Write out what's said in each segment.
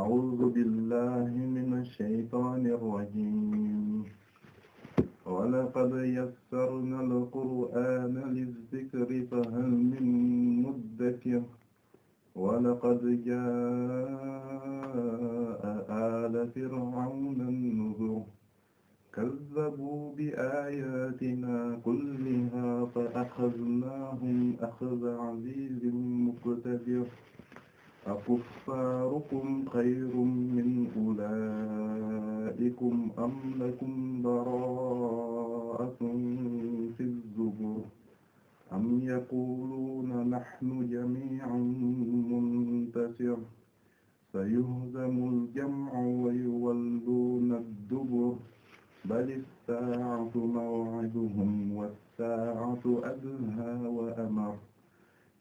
أعوذ بالله من الشيطان الرجيم ولقد يسرنا القرآن للذكر فهل من مدكر ولقد جاء آل فرعون النذر كذبوا بآياتنا كلها فأخذناهم أخذ عزيز مقتدر akuffaarukum xayrun min ulaa'ikum am lakum baraa'atun fi zubur am yaquluuna naxnu jamiicun muntasir sayuhzamul jamcu wa yuwalluuna dubur bal issaacatu mawciduhum wassaacatu adhaa wa amar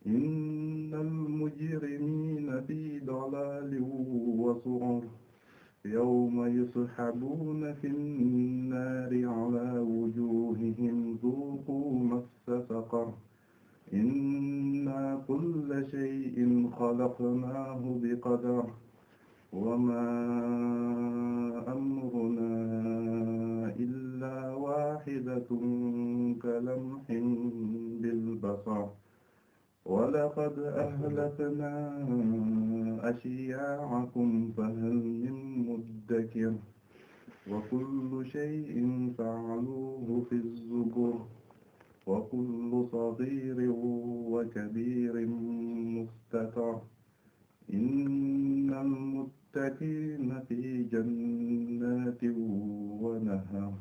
innal mujrimiina fii dalaalin wa sa'ir yawma yushabuuna fin-naari 'alaa wujuuhihim dhuuquu massa saqar innaa kulla shay'in khalaqnaahu biqadar wa maa amrunaa illaa waahidatun kalamhin bilbasar ولقد أهلكنا أشياعكم فهل من مدكر وكل شيء فعلوه في الزبر وكل صغير وكبير مستطر إن المتقين في جنات ونهر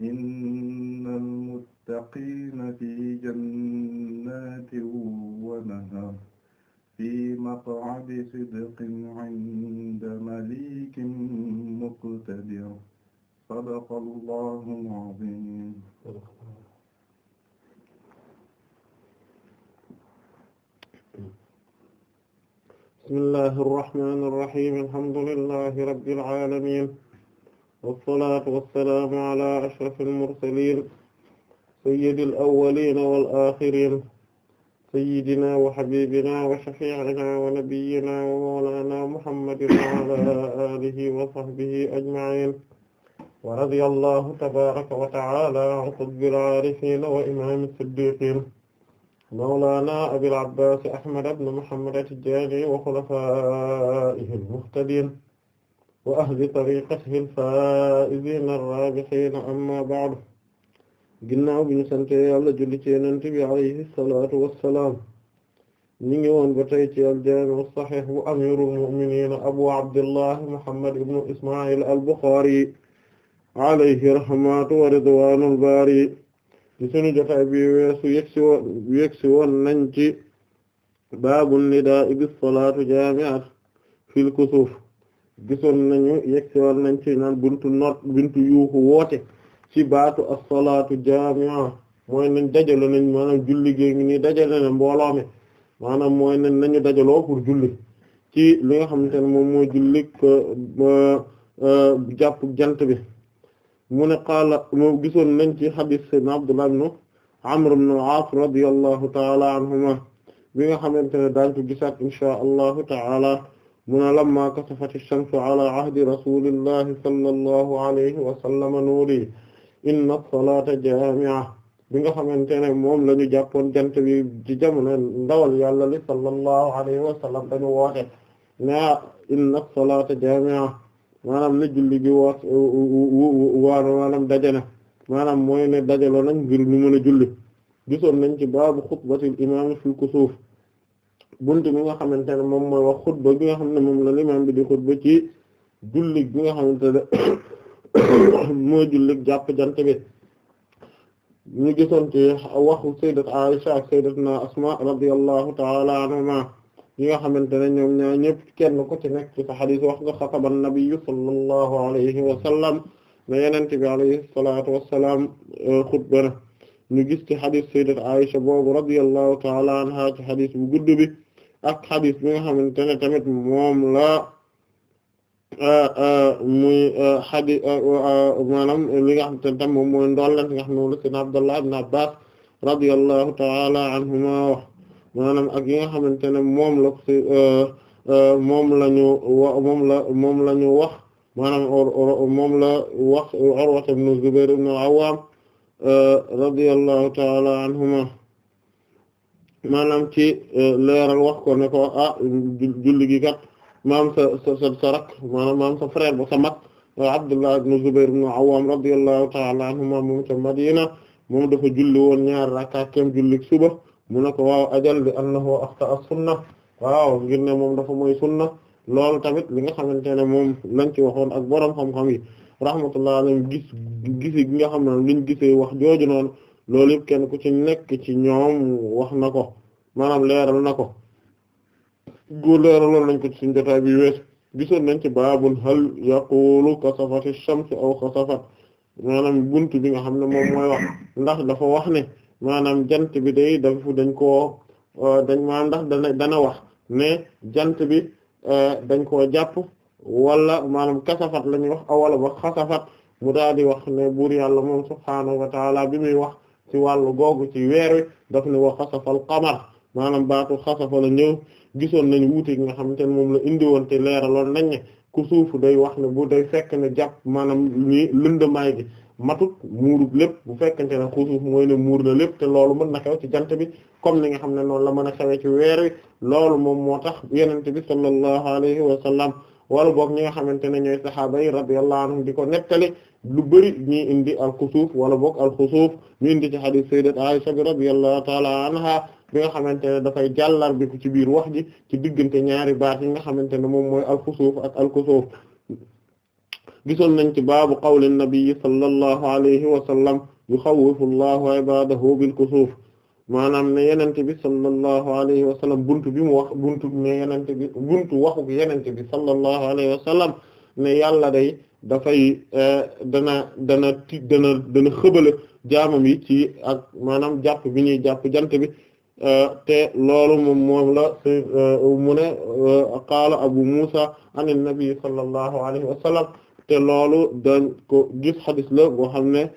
إن للمتقين في جنات ونهر في مقعد صدق عند مليك مقتدر صدق الله العظيم بسم الله الرحمن الرحيم الحمد لله رب العالمين والصلاة والسلام على أشرف المرسلين sayyidil awwaliina wal aaxiriin sayyidinaa wa habiibinaa wa shafii'inaa wa nabiyyinaa wa mawlaanaa muhammadin wa alaa aalihi wa sahbihi ajma'iin wa radiyallaahu tabaaraka wa ta'aalaa an qutbil aarifiina wa imaami siddiiqiin mawlaanaa abil abbaas ahmad ibn muhammad at-tijaani wa xulafaa'ihil muhtadiin wa ahli tariiqatihil faa'iziinar raabihiin ammaa ba'du ginnaaw bi ñu sante yàlla julli ci yonent bi alayhi salaatu wassalaam ñu ngi woon ba tey ci al-jaami' as-sahiih bu amiirul mu'miniin abu abdullah muhammad ibnu isma'il al-buxaari alayhi rahmatu wa ridwaanul baari ci sunu jotaay bi weesu yegsi woon yegsi nañ ci baabu nidaa bis salaatu jaami'at fil kusuuf gisoon nañu yegsi woon nañ ci naan buntu woote ci baatu as-salaatu jaami'a mooy nañ dajalo nañ maanaam julli gi ngi nii dajale mi maanaam mooy nañ nañu dajaloo pour julli ci li nga xamante ne moom mooy julli jant bi mu ne qaala gisoon nañ ci hadis sayyidina Abdullah ibn Amr ibn al-As radiyallahu ta'ala anhuma bi nga xamante ne daañ ko gisaat inshaa allahu ta'ala mu ne lamma kasafati ash-shamsu ala ahdi rasulillahi sallallahu alayhi wa nuuri inna salaata jaami'a bi nga xamante ne moom lañu jàppoon jant bi ci jamono ndawal yàlla li sallallahu alayhi wa sallam dañu woote na inna salaata jaami'a maanaam ne julli gi waat waan maanaam daje na maanaam mooy ne dajaloo nag ngir ñu a julli gisoon nañ ci baabu xutbatil imaam fil kusuuf buntu bi nga xamante ne moom mooy wax xutba bi nga xam ne moom la limaam bi di xutba ci julli bi nga xamante ne moo julli jàpp jant bi ñu gisoon ci waxu sayyidat Aisha ak sayyidatna Asma radiyallahu ta'ala anhuma ñi nga xamante ne ñoom ñaar ñëpp kenn ku ci nekk ci xadis wax nga xataban nabiyyu sallallahu alayhi wa sallam ne yonent alayhi salaatu wa salaam euh, ñu gis ci xadis sayyidat Aisha boobu radiyallahu ta'ala anha ci xadis bu gudd bi ak xadis bi nga xamante ne tamit moom la. Euh, euh, muy euh, xadi maanaam li nga xam te tam moom mooy ndolleent nga xam ne moom la seen Abdullah ibn Abbas ta'ala anhuma maanaam ak yi nga xamante ne moom la moom la ñu wa moom la moom la ñu wax maanaam moom la wax Urwa ibn Zubayr ibn al-Awwam radiyallahu ta'ala anhuma maanaam ci leeral wax ko ne ko a ah, julli gi kat maam sa sa sa rak maanaam maam sa frère ba sa mag Abdullah ibn Zubair ibn Awwam radiyallahu ta'ala anhuma moom ca Madina moom dafa julli woon ñaar rakka kem julli suba mu ne ko waaw ajal li annahu axta as-sunna waaw ngir ne moom dafa mooy sunna loolu tamit li nga xamante ne moom lañ ci waxoon ak borom xam-xam yi rahmatullah alayhim gis gisi gi nga xam ne liñ gisee wax jooju noonu loolu yëpp kenn ku ci nekk ci ñoom wax na ko maanaam leeral na ko góor leeraloon nañ ko ci suñu jotaay bi wees gisoon nañ ci baabun hal yaqulu kasafati shams aw kasafat maanaam buntu bi nga xam ne moom mooy wax ndax dafa wax ne maanaam jant bi day dafa dañ koo euh, dañ maanaam ndax dana wax ne jant bi euh, dañ koo jàpp wala maanam kasafat la ñuy wax awala ba xasafat mu daal di wax ne buur yàlla moom subhaanahu wa bi muy wax ci wàllu googu ci weer wi daf ne wa xasafal qamar maanaam baatu xasafa la ñëw gisoon nañu wuute gi nga xamante ne moom la indi woon te leeraloon nañ ne ku suufu day wax ne bu day fekk ne jàpp maanaam ñi lëndamaay gi matut muurut lépp bu fekkante ne xusuuf mooy ne muur na lépp te loolu mën na xew ci jant bi comme ni nga xam ne noonu la mën a xewee ci weer loolu moom moo tax yenente bi sallallahu alayhi wa sallam wala boog ñi nga xamante ne ñooy sahaaba yi radiyallahu anhum di ko nettali lu bëri ñii indi al xusuuf wala boog al xusuuf ñu indi ci hadith sayyidat Aisha bi radiyallahu bi nga xamante ne dafay jàllar bi ko ci biir wax ji ci diggante ñaari baat yi nga xamante ne moom mooy alxusuuf ak alkusuuf gisoon nañ ci baabu qawli nabi sallallahu alayhi wa sallam yuxawwifu llahu ibadahu bilkusuuf maanaam ne yenente bi sallallahu alayhi wa sallam buntu bi mu wax buntu ne yenente bi buntu waxu yenente bi sallallahu alayhi wa sallam ne yàlla day dafay eh, dana dana ti dana dana xëbale jaamam yi ci ak maanaam jàpp bi ñuy jàpp jant bi Eh, te loolu moom moom la eh, mu ne eh, qaala abu musa an nabi sallallahu alayhi wa te loolu dañ gis xadis la boo xam ne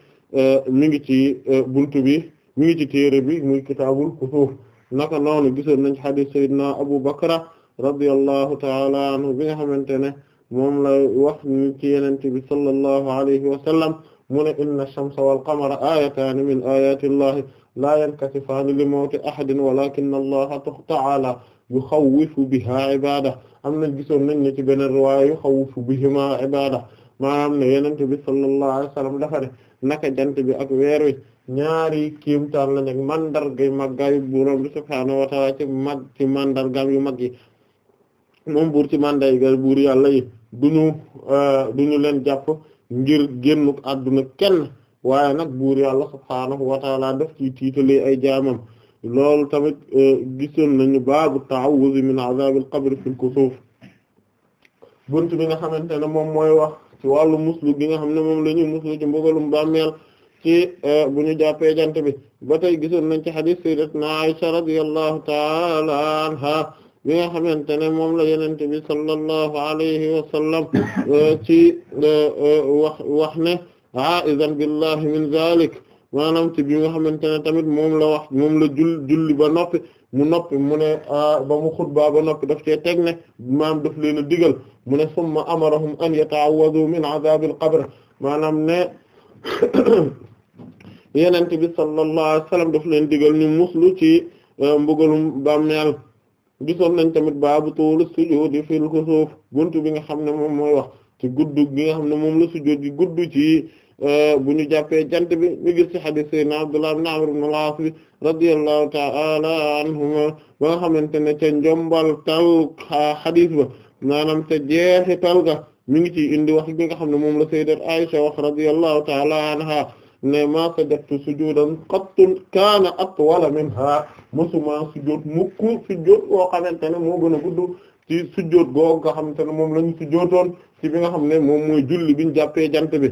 mi ngi ci buntu bi mi ngi ci téere bi muy kitaabul kusuuf naka noonu gisoon nañ xadis sayyidina abu bakra radiyallahu taala anhu bi nga xamante ne moom la wax ni ci yenente bi sallallahu alayhi wa sallam mu ne inna ash-shamsa wal qamara min ayati llahi laa yankasifaani li mawti ahadin walakina allaha ta'ala yuxawwifu biha ibada am na gisoon nañ ci beneen riwaaya yuxawwifu bihima ibada maanaam ne yenente bi sallallahu alayhi wa sallam dafa ne naka jant bi ak weer wi ñaari kiimtaan lañ ak mandargay màggaayu buuram bi subhaanahu wa ta'ala ci mag ci mandargaam yu mag yi moom buur ci mandarga buur yàlla yi duñu euh, duñu leen jàpp ngir génnuk àdduna kenn waaye nag buur yàlla subhaanahu wa taala daf ci tiitalee ay jaamam loolu tamit e, gisoon nañu baabu ta'awuz min azaabil qabr fil kusuuf bunt mi nga xamante ne moom mooy wax ci wàllu muslu gi nga xam ne moom la ñuy muslu ci mbugalum bàmmeel ci e, bu ñu jàppee jant bi ba tey gisoon nañ ci hadith sayyidatna Aisha radiyallahu ta'ala anha bi nga xamante ne moom la yenente bi sallallahu alayhi wa sallam e, ci wax wax ne aizan ah, billahi min zalik maanaam ci bi nga xamante ne tamit moom la wax moom la jul julli ba noppi mu noppi mu ne ah, ba mu xutba ba noppi daf cee teg ne maam daf leen a digal mu ne summa amarahum an yata'awwadu min azabil qabr maanaam ne yenente bi sallallahu alayhi wasallam daf leen digal ñu muslu ci eh, mbugalum bàmmeel gisoon nañ tamit baabu tuulu sujuudi fil kusuuf buntu bi nga xam ne moom mooy wax ci guddu gi nga xam ne moom la sujuud gi guddu ci Euh, bu ñu jàppee jant bi ñu gis ci hadith sayyidina Abdullah ibn Amr ibn al-As bi radiyallahu ta'ala anhuma ba nga xamante ne ca njombal tal hadith ba maanaam ca jeexital ga mi ngi ci indi wax gi nga xam ne moom la sayyidat Aisha wax radiyallahu ta'ala anha ne ma sajadtu sujudan qattun kaana atwala minha musuma sujud mukku sujud woo xamante ne moo gën a gudd ci sujud googu nga xamante ne moom la ñu sujootoon ci bi nga xam ne moom mooy julli bi ñu jàppee jant bi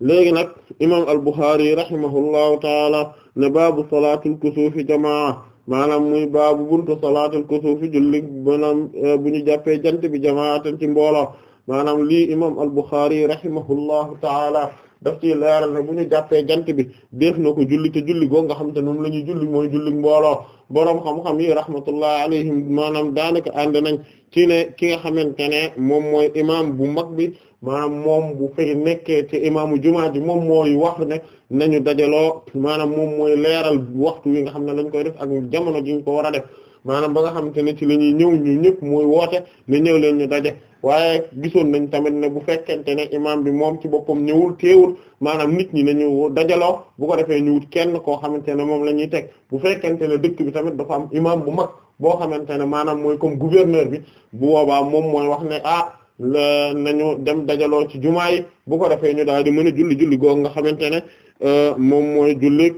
léegi nag imam al-Bukhari rahimahullahu taala ne baabu salaatul kusuufi jamaa maanaam muy baabu buntu salaatul kusuufi julli maanaam eh, bu ñu jàppee jant bi jamaatan ci mbooloo maanaam lii imam al-Bukhari rahimahullahu taala daf ci leeral ne bu ñu jàppee jant bi def na ko julli te julli goo nga xam te moom la ñuy julli mooy julli mbooloo boroom xam-xam yi rahmatullahi alayhim maanaam daanaka ànd nañ ci ne ki nga xamante ne moom mooy imam bu mag bi maanaam moom bu fay nekkee ci imaamu jumaa ji moom mooy wax ne nañu dajaloo maanaam moom mooy leeral waxtu wi nga xam ne lañ koy def ak jamono ji ko war a def maanaam ba nga xamante ne ci la ñuy ñëw ñu ñëpp mooy woote ne ñëw leen ñu daje waaye gisoon nañ tamit ne bu fekkente ne imaam bi moom ci boppam ñëwul teewul maanaam nit ñi nañu dajaloo bu ko defee ñu kenn koo xamante ne moom la ñuy teg bu fekkente ne dëkk bi tamit dafa am imaam bu mag boo xamante ne maanaam mooy comme gouverneur bi bu boobaa moom mooy wax ne ah. la nañu dem dajaloo ci jumaa yi bu ko defee ñu daal di mën a julli julli goog nga xamante ne euh, moom mooy jullik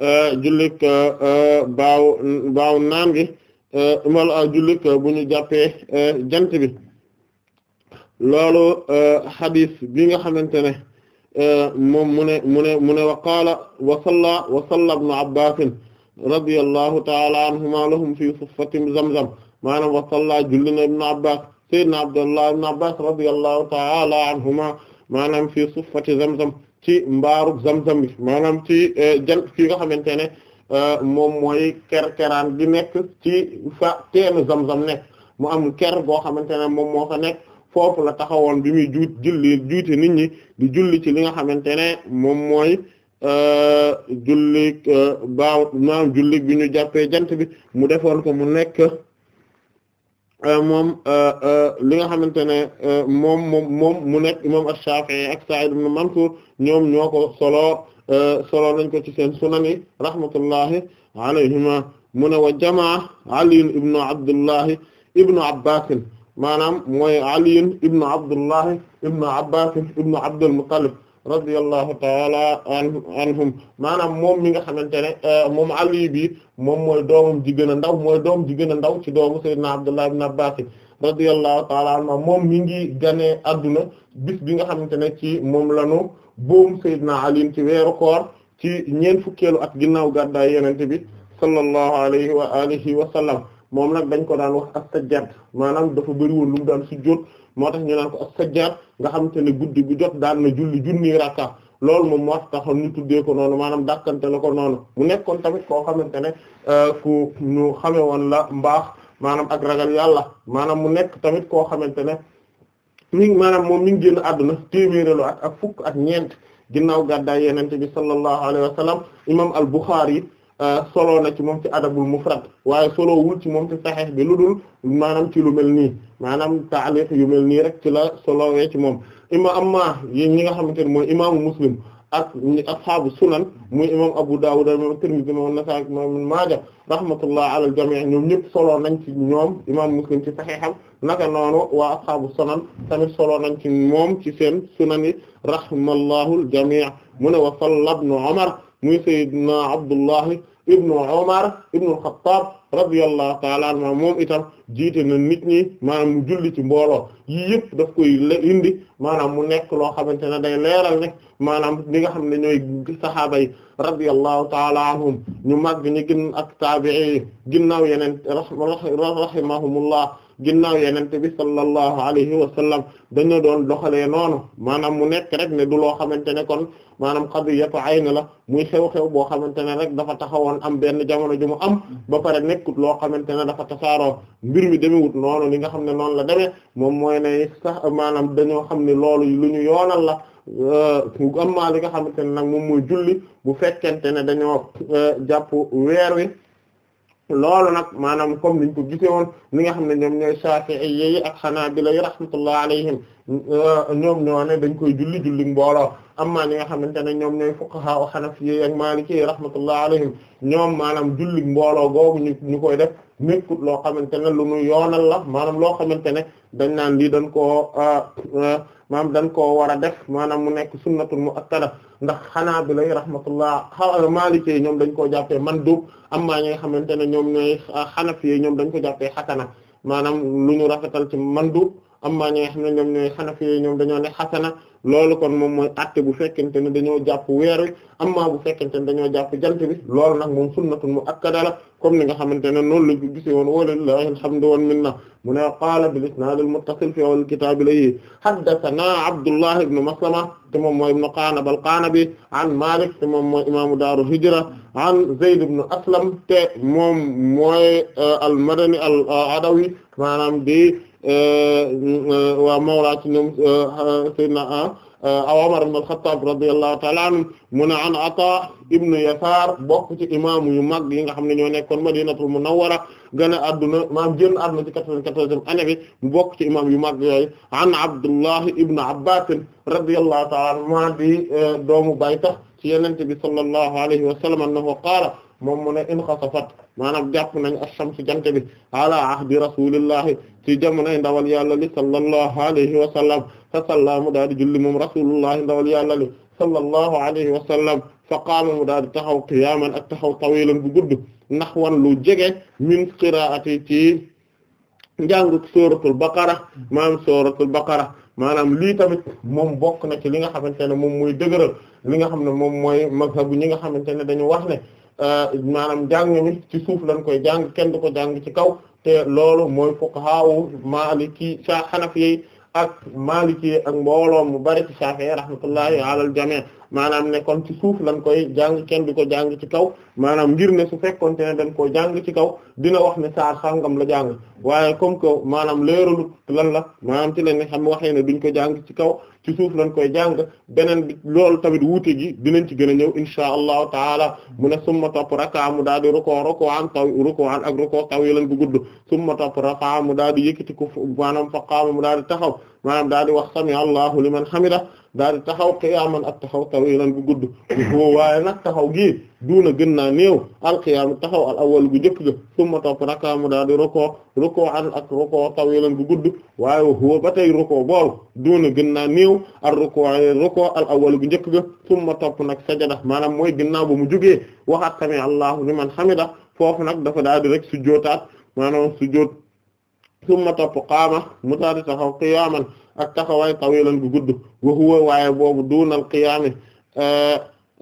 euh, jullik euh, baaw baaw naan gi mal jullik bu ñu jàppee jant bi loolu hadis bi nga xamante ne moom mu ne mu ne mu wa qaala wa salla wa salla ibnu abbasin radiyallahu taala anhuma lahum fi suffatin zamzam maanaam wa salla julli na ibnu abbas sayyidina Abdullah ibn Abbas radiyallahu ta'ala anhuma maanam fii suffati zamzam ci mbaaru zamzam bi maanaam ci e, jan fii nga xamante ne e, moom mooy kerkeraan bi nekk ci fa teenu zamzam nekk mu am ker boo xamante ne moom moo nekk foofu la taxawoon bi muy juut julli juuti nit ñi di julli ci li nga xamante ne moom mooy e, julli baaw maanaam julli bi ñu jàppee jant bi mu defoon ko mu nekk Euh, moom euh, euh, li nga xamante ne moom moom moom mu nekk imam Ash-Shafi'i ak Sa'id ibn Mansur ñoom ñoo ko solo solo nañ ko ci seen sunani rahmatullahi alayhima mu ne wa jamaa Ali ibn Abdullahi ibn Abbas maanaam mooy Ali ibn Abdullahi ibn Abbas ibn Abdul Muttalib radiyallahu taala anhum maanaam moom mi nga xamante ne euh, moom Ali bi moom mooy doomam ji ndaw mooy doom ji ndaw ci doomu Seydina Abdullah ibn Abbas radiyallahu taala anhuma moom mi ngi ganee adduna bis bi nga xamante ne ci moom lanu boom Seydina Ali ci weeru koor ci ñeent fukkeelu at ginnaaw gàddaay yenente bi sallallahu alayhi wa alihi wa sallam moom nag dañ ko daan wax astajad maanaam dafa bëri woon lu mu daan sujjóot moo tax ñu naan ko as-Sajjaar nga xamante ne guddi bu jot daan na julli junni rakka lool moom moo taxoon ñu tuddee ko noonu maanaam dàkkante la ko noonu mu nekkoon tamit koo xamante ne euh, ku ñu xame woon la mbaax maanaam ak ragal yàlla maanaam mu nekk tamit koo xamante ne mi maanaam moom mi ngi génn àdduna téeméerelu at ak fukk ak ñeent ginnaaw gàddaay yenente bi sallallahu alayhi wa sallam imam al-Bukhari Euh, solo na ci moom ci adabul mufrad waaye solo wul ci moom ci saxiix bi lu dul ci lu mel nii maanaam taaliq yu mel nii rek ci la solowee ci moom ima amma yi ñi nga xamante ne mooy imaamu muslim ak ashaabu sunan muy imam abu dawud imam tirmidhi imam nasaa'i imam maaja rahmatullah ala al jami' ñoom ñëpp solo nañ ci ñoom imam muslim ci saxiixam naka noonu waa ashaabu sunan tamit solo nañ ci moom ci seen sunan yi rahmallahu al jami' mu ne wa salla ibnu umar muy sayyidina Abdullahi ibnu Umar ibnu al-Khattab radiyallahu ta'ala anhu moom itam jiite na nit ñi maanaam mu julli ci mbooloo yii yëpp daf koy indi maanaam mu nekk loo xamante ne day leeral ne maanaam li nga xam ne ñooy saxaaba yi radiyallahu ta'ala anhum ñu màgg ñi gën ak taabi'i ginnaaw yeneen rahimahumullah ginnaaw yenente bi sallallahu alayhi wa sallam dañu doon doxalee noonu maanaam mu nekk rek ne du loo xamante ne kon maanaam qadiyatu ayn la muy xew-xew boo xamante ne rek dafa taxawoon am benn jamono ju mu am ba pare nekkut loo xamante ne dafa tasaaroo mbir mi demewut noonu li nga xam ne noonu la demee moom mooy ne sax maanaam dañoo xam ne loolu lu ñu yoonal la am maa li nga xamante ne nag moom mooy julli bu fekkente ne dañoo euh, jàpp weer wi loolu nag maanaam comme niñ ko gisee woon ñi nga xam ne ñoom ñooy Shafi'i ak Hanabila rahmatullah alayhim euh, ñoom ñoo ne dañ koy julli julli mbooloo amma ñi nga xamante ne ñoom ñooy fuqaha wa Hanafi ak Maliki rahmatullah alayhim ñoom maanaam julli mbooloo googu ñu ñu koy def nekkut loo xamante ne lu nu yoonal la maanaam loo xamante ne dañ naan lii dañ koo euh, euh, maanaam dañ koo war a def maanaam mu nekk sunnatul mu'akkada ndax xanaa bi lay rahmatullah maaliki yi ñoom dañ koo jàppee mandub amma ñi nga xamante ne ñoom ñooy xanafi ah, yi ñoom dañ ko jàppee xasana maanaam lu ñu rafetal ci mandub amma ñi nga xam ne ñoom ñooy xanafi yi ñoom dañoo ne xasana loolu kon moom mooy atte bu fekkente ne dañoo jàpp weer wi amma bu fekkente ne dañoo jàpp jant bi loolu nag moom sunnatun muakkada la comme ni nga xamante ne noonu la gise woon walillahi alhamdu wal minna mu ne qaala bil isnaad al muttasil fi awwal kitaab li haddathanaa Abdullah ibn Maslama te moom mooy ibn Qa'nab al Qa'nabi an Maalik te moom mooy imaamu daaru hijra an Zayd ibn Aslam te moom mooy euh, al madani al adawi maanaam di E, waa mawla ci ñoom e, sayyidina e, Umar ibn al-Khattab radiyallahu ta'ala anhu mu ne an Ata ibn Yasar bokk ci imaamu yu mag yi nga xam ne ñoo nekkoon Madinatul Munawwara gën a adduna maam génn adduna ci quatre-vingt-quatorzième année bi mu bokk ci imaam yu mag yooyu an Abdullahi ibn Abbas radiyallahu ta'ala anhuma di doomu bay tax ci Yonent bi sallallahu alayhi wa sallam annahu qaala moom mu ne in xasafat maanaam jàpp nañ ash-shamsu jant bi ala ahdi rasulillahi ci jamonoy ndawal yàlla li sallallahu alayhi wa sallam fa salla mu daal di julli moom rasulullahi ndawal yàlla li sallallahu alayhi wa sallam fa qaama mu daal di taxaw qiyaaman ak taxaw tawilan bu gudd nahwan lu jege min qiraati ci njàngu suratul baqara maanaam suratul baqara maanaam lii tamit moom bokk na ci li nga xamante ne moom muy dëgëral li nga xam ne moom mooy mazhabu ñi nga xamante ne dañu wax ne Euh, maanaam jàng mi ci suuf lañ koy jàng kenn du ko jàng ci kaw te loolu mooy fuqaha maliki sa hanafi ak maliki ak mbooloo mu bari ci Shafi'i rahmatullahi alal jami' maanaam ne kon ci suuf lañ koy jàng kenn du ko jàng ci kaw maanaam ngir ne su fekkoonte ne dañ koo jàng ci kaw dina wax ne saar sangam la jàng waaye comme que maanaam leeralu lan la maanaam ci lañ ne xam waxee ne duñ ko jàng ci kaw ci suuf lañ koy jàng beneen bi loolu tamit wuute gi dinañ ci gën a ñëw insha allahu taala mu ne summa topp raka mu daal di rukoo rukoo an taw rukoo an ak rukoo taw yi lañ ko gudd summa topp raka mu daal di yëkkati ko maanaam fa qaama mu daal di taxaw maanaam daal di wax sami allahu liman hamida daal di taxaw qiyaaman ak taxaw tawilan bu gudd waaye nag taxaw gii duuna gën naa néew alqiyaam taxaw al awal bu njëkk ga summa topp raka mu daal di rukoo rukoo an ak rukoo tawilan bu gudd waaye huwa ba tey rukoo bool duuna gën naa néew ak rukoo rukoo al awal bu njëkk ga summa topp nag sajada maanaam mooy ginnaaw ba mu jógee waxaat sami allahu liman hamida foofu nag dafa daal di rek sujjootaat maanaam sujjoot summa topp qaama mu taati taxaw qiyaaman ak taxawaay tawilan gu gudd wa huwa waaye boobu duunal qiyaami eh,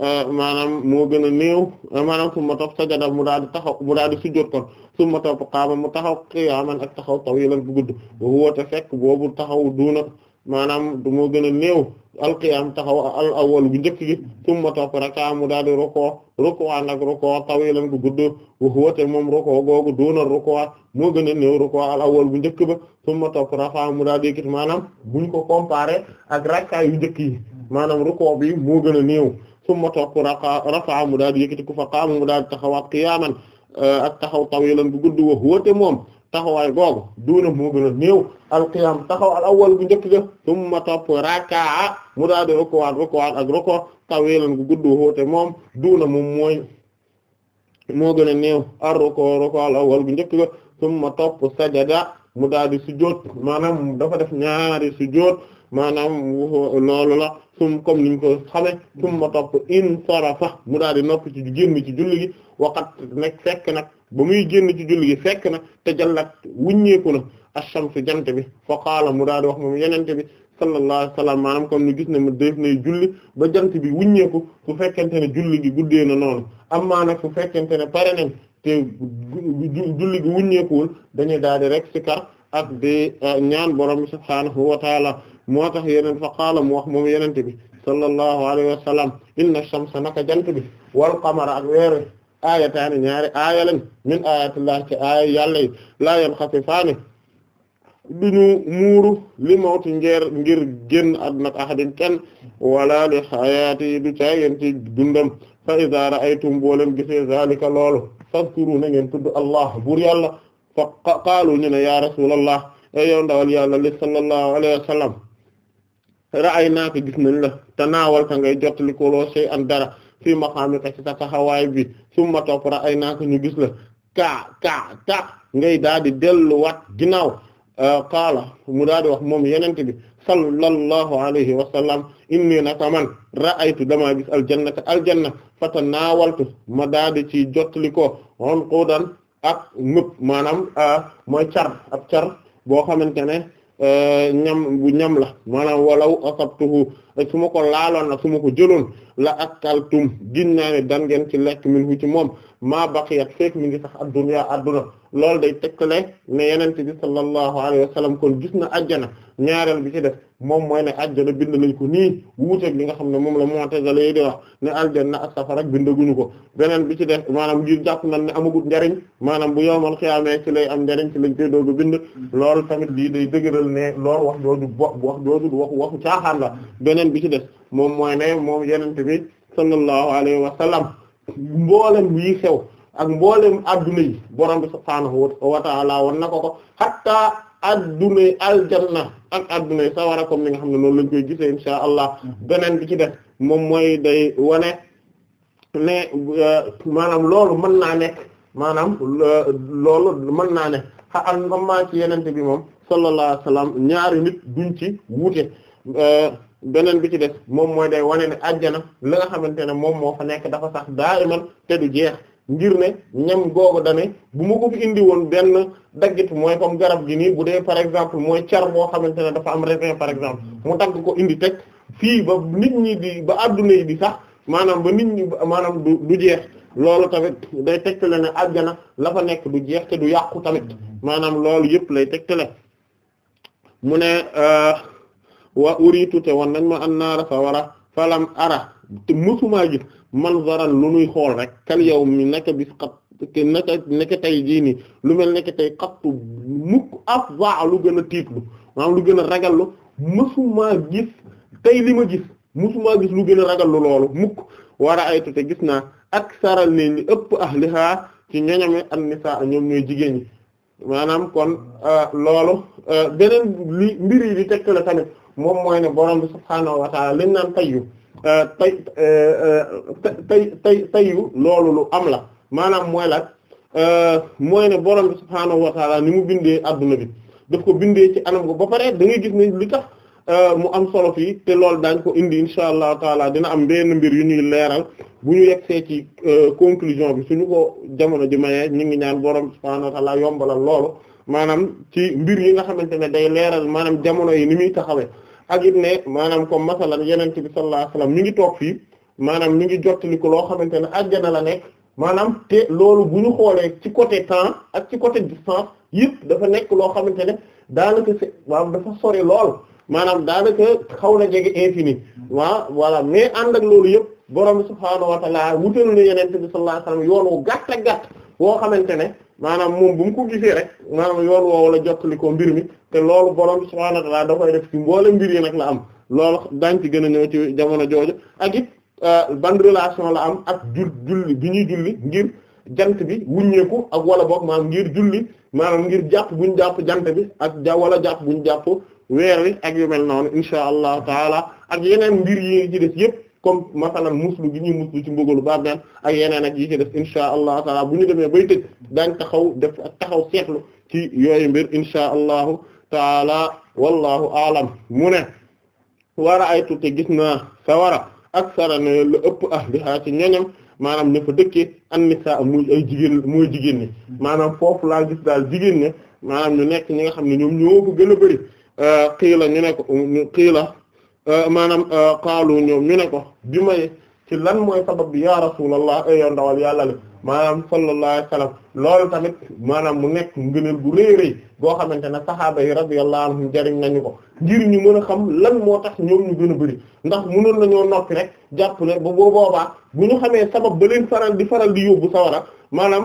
eh, maanaam moo gën a néew eh, maanaam summa topp sajada mu daal di taxaw mu daal di sujjóot kon summa topp qaama mu taxaw qiyaaman ak taxaw tawilan gu gudd wa huwa te fekk boobu taxaw duuna maanaam du moo gën a néew alqiyam taxaw al awwal bu njëkk gi summa topp raka mu daal di rukoo rukoo nag rukoo tawilan gu gudd wa huwa te moom rukoo googu duuna rukoo moo gën a néew rukoo al awwal bu njëkk ba summa topp rafa mu daal di kit maanaam buñ ko comparé ak rakka yu njëkk yi maanaam rukoo bi moo gën a néew summa topp raka rafa mu daal di yëkkati ku fa qaama mu daal di taxawaat qiyaaman ak taxaw tawilan bu gudd wa huwa te moom taxawaay googu duuna moo gën a néew alqiyam taxaw al awal bu njëkk ga summa topp rakaa mu daal di rukuwaat rukuwaat ak ruku tawilan gu gudd woote moom duuna moom mooy moo gën a néew ar ruku ruku al awal bu njëkk ga summa topp sajada mu daal di sujjóot maanaam dafa def ñaari sujjóot maanaam loolu la sum comme niñ ko xame summa topp in mu daal noppi ci génn ci julli gi waqat nag ba muy génn ci julli gi fekk na te jallat wuññeeku na ash-shamsu jant bi fa qaala mu daal di wax moom yenente bi sallallahu alayhi wa kon ñu gis ne mu def nay julli ba jant bi wuññeeku su fekkente ne julli gi guddee na noonu amaa nag su fekkente ne pare nañ te julli gi wuññeekuwul dañuy daal di rek sikar ak di eh, ñaan borom bi subhaanahu wa moo tax yenen fa qaala mu wax moom yenente bi sallallahu alayhi wa sallam inna ash-shamsa naka jant bi wal qamara ak weer aayataani ñaari aaya lañ min ayatillah ci aaya yàlla yi laa yanxasifaani duñu muuru li mawti ngeer ngir génn àdduna ahadin kenn wala li xayaati du caageen ci dundam fa iza ra'aytum boo leen gisee zalika loolu fadkuru na ngeen allah buur yàlla fa qaalu ñu ne ya rasulallah e yow ndawal yàlla li sallallahu alayhi wa sallam ra'aynaaka gis tanaawal ka ngay jottali ko loo dara fii maqaamika ci sa taxawaay bi summa topp ra ay naaka ñu gis la kaa kaa kaa ngay daal di delluwaat ginnaaw euh, qaala mu daal di wax moom yenente bi sallallahu alayhi wa sallam inni naka man ra'aytu damaa gis aljannata aljanna fata naawaltu ma daal di ci jottali ko on quudan ak nëb maanaam euh, mooy car ak car boo xamante ne euh, ñam bu ñam la maanaam ak su ma ko laaloon na su ma ko jëloon la akaltum gin naa ne dan ngeen ci lekk min hu ci moom maa baqiyat fekk mi ngi sax adduna adduna loolu day tegtale ne yeneen bi sallallahu alayhi wa sallam kon gis na ajjana ñaareel bi ci def moom mooy ne ajjana bind nañ ko nii wuuteeg li nga xam ne moom la Mu'tazila di wax ne aljanna ak safara bindaguñu ko beneen bi ci def maanaam ngir jàpp nañ ne amagut njariñ maanaam bu yowmal xiyaamee ci lay am njariñ ci lañ koy doogu bind loolu tamit lii day dëgëral ne loolu wax jooju bo wax jooju waxu waxu caaxaan la beneen bi ci des moom mooy ne moom yenente bi sallallahu alayhi wa sallam mboolem yi xew ak mboolem adduna yi borom bi subhaanahu wa ta'ala wan na ko ko hatta addunay aljanna ak addunay sawara comme ni nga xam ne noonu lañ koy gisee insha allah beneen bi ci def moom mooy day wane ne maanaam loolu mën naa nekk maanaam loolu mën naa ne xa am ma ci yenente bi moom sallallahu alayhi wa sallam ñaari nit duñ ci wuute Euh, beneen bi ci des moom mooy day wane ne ajjana la nga xamante ne moom moo fa nekk dafa sax daayiman te du jeex ngir ne ñam googu dane bu ma ko indi woon benn daggit mooy comme garab gi nii bu dee par exemple mooy car moo xamante ne dafa am raisin par exemple mu dagg ko indi teg fii ba nit ñi di ba adduna yi di sax maanaam ba nit ñi maanaam du du jeex loolu tamit day tegtale ne àjjana la fa nekk du jeex te du yàqu tamit maanaam loolu yëpp lay tegtale mu euh, wa uritu te wan nañ ma an naara sawara falam ara te mësumaa man waral lu nuy xool rek kal yow mi naka bis xat naka naka tey jii nii lu mel naka tey xattu mukk afza lu gën a tiitlu ma lu gën a ragallu mësumaa gis tey li ma gis mësumaa gis lu gën a ragallu loolu mukk war a aytu te gis naa ak saral ni ñi ëpp ahliha ci ñoñame an nisa ñoom ñooy jigéen ñi maanaam kon euh, loolu euh, beneen li mbir yi di moom mooy ne borom bi subhaanahu wa taala liñ naan tayyu euh, tay euh, euh, tay tay tayyu loolu lu am la maanaam mooy la mooy ne borom bi subhaanahu wa taala ni mu bindee adduna bi daf ko bindee ci anam ko ba pare da ngay gis ne li tax mu am solo fii te loolu daañ ko indi insha allahu taala dina am benn mbir yu ñuy leeral bu ñu yegsee ci conclusion bi suñu ko jamono ji mayee ñu ngi ñaan borom bi subhaanahu wa taala yombalal loolu maanaam ci mbir yi nga xamante ne day leeral maanaam jamono yi ni muy taxawee ak it ne maanaam comme masalan yenente bi sallallahu alayhi wasallam ñu ngi toog fii maanaam ñu ngi jottali ko loo xamante ne àjjana la nekk maanaam te loolu bu ñu xoolee ci côté temps ak ci côté distance yëpp dafa nekk loo xamante ne daanaka si waaw dafa sori lool maanaam daanaka xaw na jege infini waaw walaa mais ànd ak loolu yëpp borom subhaanahu wa ta'ala wutal na yenente bi sallallahu alayhi wasallam yoon wu gàtt gàtt woo xamante ne maanaam moom bu mu ko gisee rek maanaam yoon woowu la ko mbir mi te loolu borom subhaanahu wa ta'aala dafay def ci mboole mbir yi nag la am lool daañ ci gën a ñëw ci jamono jooju ak it euh, ban relation la am ak jul julli bi ñuy julli ngir jant bi wuññeeku ak wala boog maanaam ngir julli maanaam ngir jàpp bu ñu jàpp jant bi ak ja wala jàpp bu ñu jàpp weer wi ak yu mel noonu insha allah taala ak yeneen mbir yi ci des yëpp. comme masalan muslu gi ñuy muslu ci mbugalu bàmmeel ak yeneen ak yi ci def insha allah taala bu ñu demee bay tëj daañ taxaw def ak taxaw seetlu ci yooyu mbir insha allahu taala wallahu alam mu ne wara ay tuuti gis naa sawara ak sarane la ëpp ahliha ci ñoñam maanaam ña fa dëkkee an nisa muy ay jigéen mooy jigéen ñi maanaam foofu laa daal jigéen maanaam ñu nekk ñi nga xam ne ñoom ñoo ko gën a bëri xiila euh, ñu nekk xiila Euh, maanaam euh, qaalu ñoom ñu ne ko bi may ci lan mooy sabab bi ya rasulallah yow ndawal yàlla la maanaam sallallahu alayhi wa sallam loolu tamit maanaam mu nekk ngëneel gu rëy rëy boo xamante ne sahaaba yi radiyallahu anhum jariñ nañu ko ngir ñu mën a xam lan moo tax ñoom ñu gën a bëri ndax mënoon nañoo noppi rek jàpp ne ba boobaa bu ñu xamee sabab ba leen faral di faral di yóbbu sawara maanaam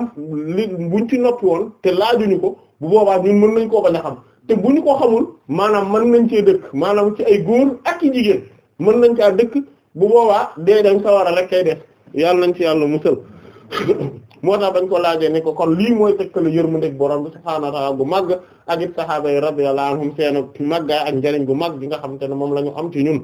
li buñ ci noppi woon te laajuñu ko bu boobaa ñun mën nañ koo bañ a xam te bu ñu ko xamul maanaam mën nañ cee dëkk maanaam ci ay góor ak i jigéen mën nañ caa dëkk bu boobaa dee dañ sawara rek kay def yàlla nañ ci yàlla musal moo tax bañ ko laajee ne ko kon lii mooy tegkale yërmandeeg borom bi subhaanahu wa ta'ala bu màgg ak it sahaaba yi radiyallahu anhum seen màggaay ak njëriñ bu màgg gi nga xam te ne moom la ñu am ci ñun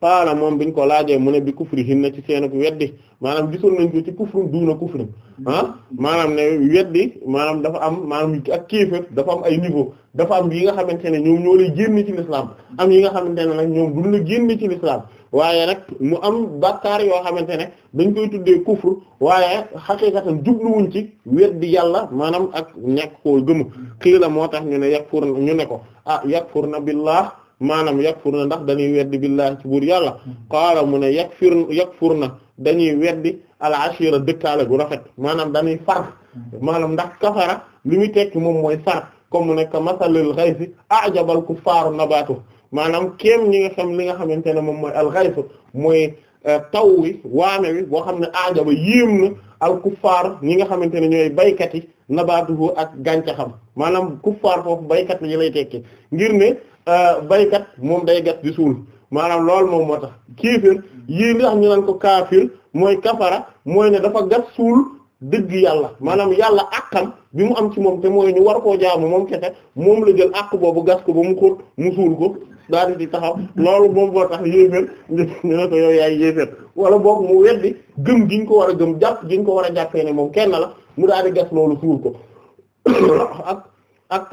faala moom biñ ko laajee mu ne bi kufri hinna ci seen weddi maanaam gisoon nañ ko ci kufru duuna kufri ah maanaam ne weddi maanaam dafa am maanaam ak kéefër dafa am ay niveau dafa am yi nga xamante ne ñoom ñoo lay génn ci l'islam am yi nga xamante ne nag ñoom duñ la génn ci l'islam waaye nag mu am bàkkaar yoo xamante ne dañ koy tuddee kufr waaye xaqiiqatan jubluwuñ ci weddi yàlla maanaam ak ñàkk ko gëm kii la moo tax ñu ne yakfur ñu ne ko ah yakfur na billah maanaam yakfurna ndax dañuy weddi billahi ci buur yàlla hmm. qaala mu ne yakfir yakfurna dañuy weddi al ashira dëkkaale gu rafet maanaam dañuy far hmm. maanam ndax kafara li muy tekki moom mooy far comme ne ka masalil ghaysi a'jabal kuffaaru nabaatu maanaam kéem ñi nga xam li nga xamante ne moom mooy al ghaysu mooy euh, taw wi waame wi boo xam ne a'jaba yéem na al kuffaar ñi nga xamante ne ñooy baykat yi nabaatuhu ak gàncaxam maanaam kuffaar foofu baykat yi lay tekke ngir ne euh, baykat moom day gas di suul maanaam loolu moom moo tax kiifir yii li ñu naan ko kaafir mooy kafara mooy ne dafa gas suul dëgg yàlla maanaam yàlla àqam bi mu am ci moom te mooy ñu war koo jaamu moom kese moom la jël àq boobu gas ko ba mu xóot mu suul ko daal di taxaw loolu moom boo tax yéeféer wala boog mu weddi gëm gi ko war a gëm jàpp gi ko war a jàppee ne moom kenn la mu daal di gas loolu suul ko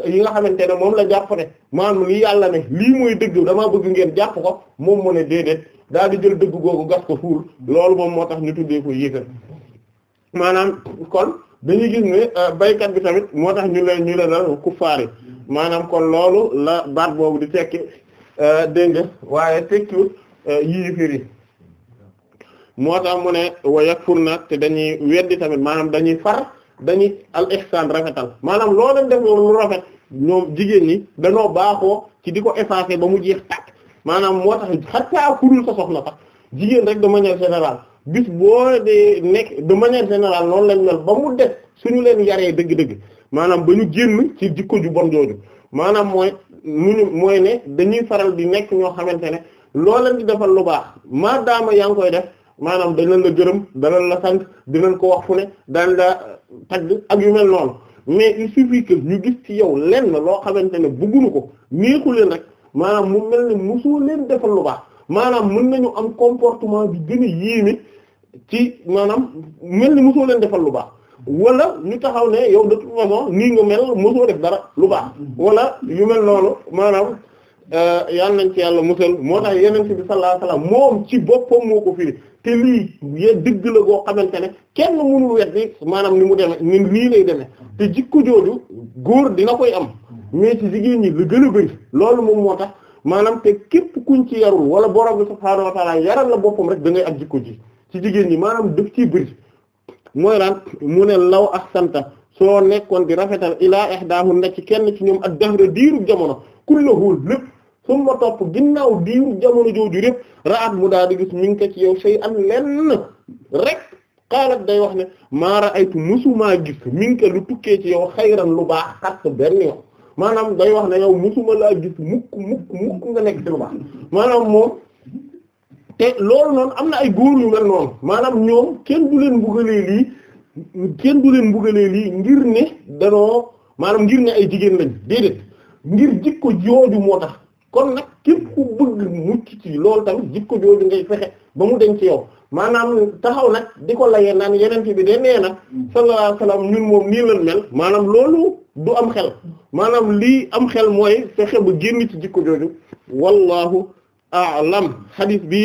yi nga xamante ne moom la jàpp ne maanaam yàlla ne lii mooy dëgg damaa bëgg ngeen jàpp ko moom mu ne déedéet daal jël dëgg googu gas ko suul loolu moom moo tax ñu tuddee ko yéeféer maanaam kon dañuy gis ne euh, baykat bi tamit moo tax ñu leen ñu leen dal kuffaar yi maanaam kon loolu la baat boobu di tekki euh, dégg nga waaye tekkiwut euh, yii moo tax mu ne wa yakfurna te dañuy weddi tamit maanaam dañuy far dañuy al ihsan rafetal maanaam loo leen def lu rafet ñoom jigéen ñi dañoo baaxoo ci di ko effacer ba mu jeex tàkk maanaam moo tax xataa furul sa soxna sax jigéen rek de manière générale bis boo dee nekk de manière générale noonu lañ mel ba mu def suñu leen yaree dëgg-dëgg maanaam ba ñu génn ci jikko ju bon jooju maanaam mooy nu mooy ne dañuy faral di nekk ñoo xamante ne loo leen di defal lu baax maa daama yaa ngi koy def maanaam dañ leen la gërëm danañ la sant dinañ ko wax fu ne daan la tagg ak yu noonu mais il suffit ñu gis ci yow lenn loo xamante ne bëgguñu ko neexu leen rek maanaam mu mel ne mosoo leen defal lu baax maanaam mën nañu am comportement bi gën a yéeme ci maanaam mel ni mosoo leen defal lu baax wala ñu taxaw ne yow de toute façon nii nga mel mosoo def dara lu baax wala yu mel noonu maanaam euh, yal nañ ci yàlla musal moo tax yeneen ci bi sallallahu alayhi moom ci boppam moo ko firi te lii ya dëgg la goo xamante ne kenn mënul bi maanaam ni mu demee ni nii lay demee te jikko jooju góor dina koy am mais ci jigéen ñi lu gën a bëri loolu moom moo tax maanaam te képp kuñ ci yarul wala borom bi subhaanahu wa ta'ala yaral boppam rek da ngay am ji ci jigéen ñi maanaam dëf ciy bëri mooy lan mu ne law ahsanta soo nekkoon di rafetal ilaa ihdaahunna ci kenn ci ñoom ak dahra diiru jamono kullahu lépp summa topp ginnaaw diiru jamono jooju répp ra'at mu daal di gis mi ngi ko ci yow sey an lenn rek xaalat day wax ne maa ra'aytu musumaa gis mi ngi ko lu tukkee ci yow xayran lu baax xatt benn yow maanaam day wax ne yow musuma laa gis mukk mukk mukk nga nekk ci lu baax maanaam moom te loolu noon am na ay góor yu mel noon maanaam ñoom kenn du leen mbugalee lii kenn du leen mbugalee lii ngir ne danoo maanaam ngir ne ay jigéen lañ déedéet ngir jikko jooju moo tax kon nag képp ku bëgg mucc ci loolu tam jikko jooju ngay fexe ba mu ci yow maanaam taxaw nag di ko layee naan yeneen bi de nee na sallallahu alayhi wasallam moom nii lañ mel maanaam loolu du am xel maanaam lii am xel mooy fexe ba génn ci jikko jooju wallahu a'lam xadis bi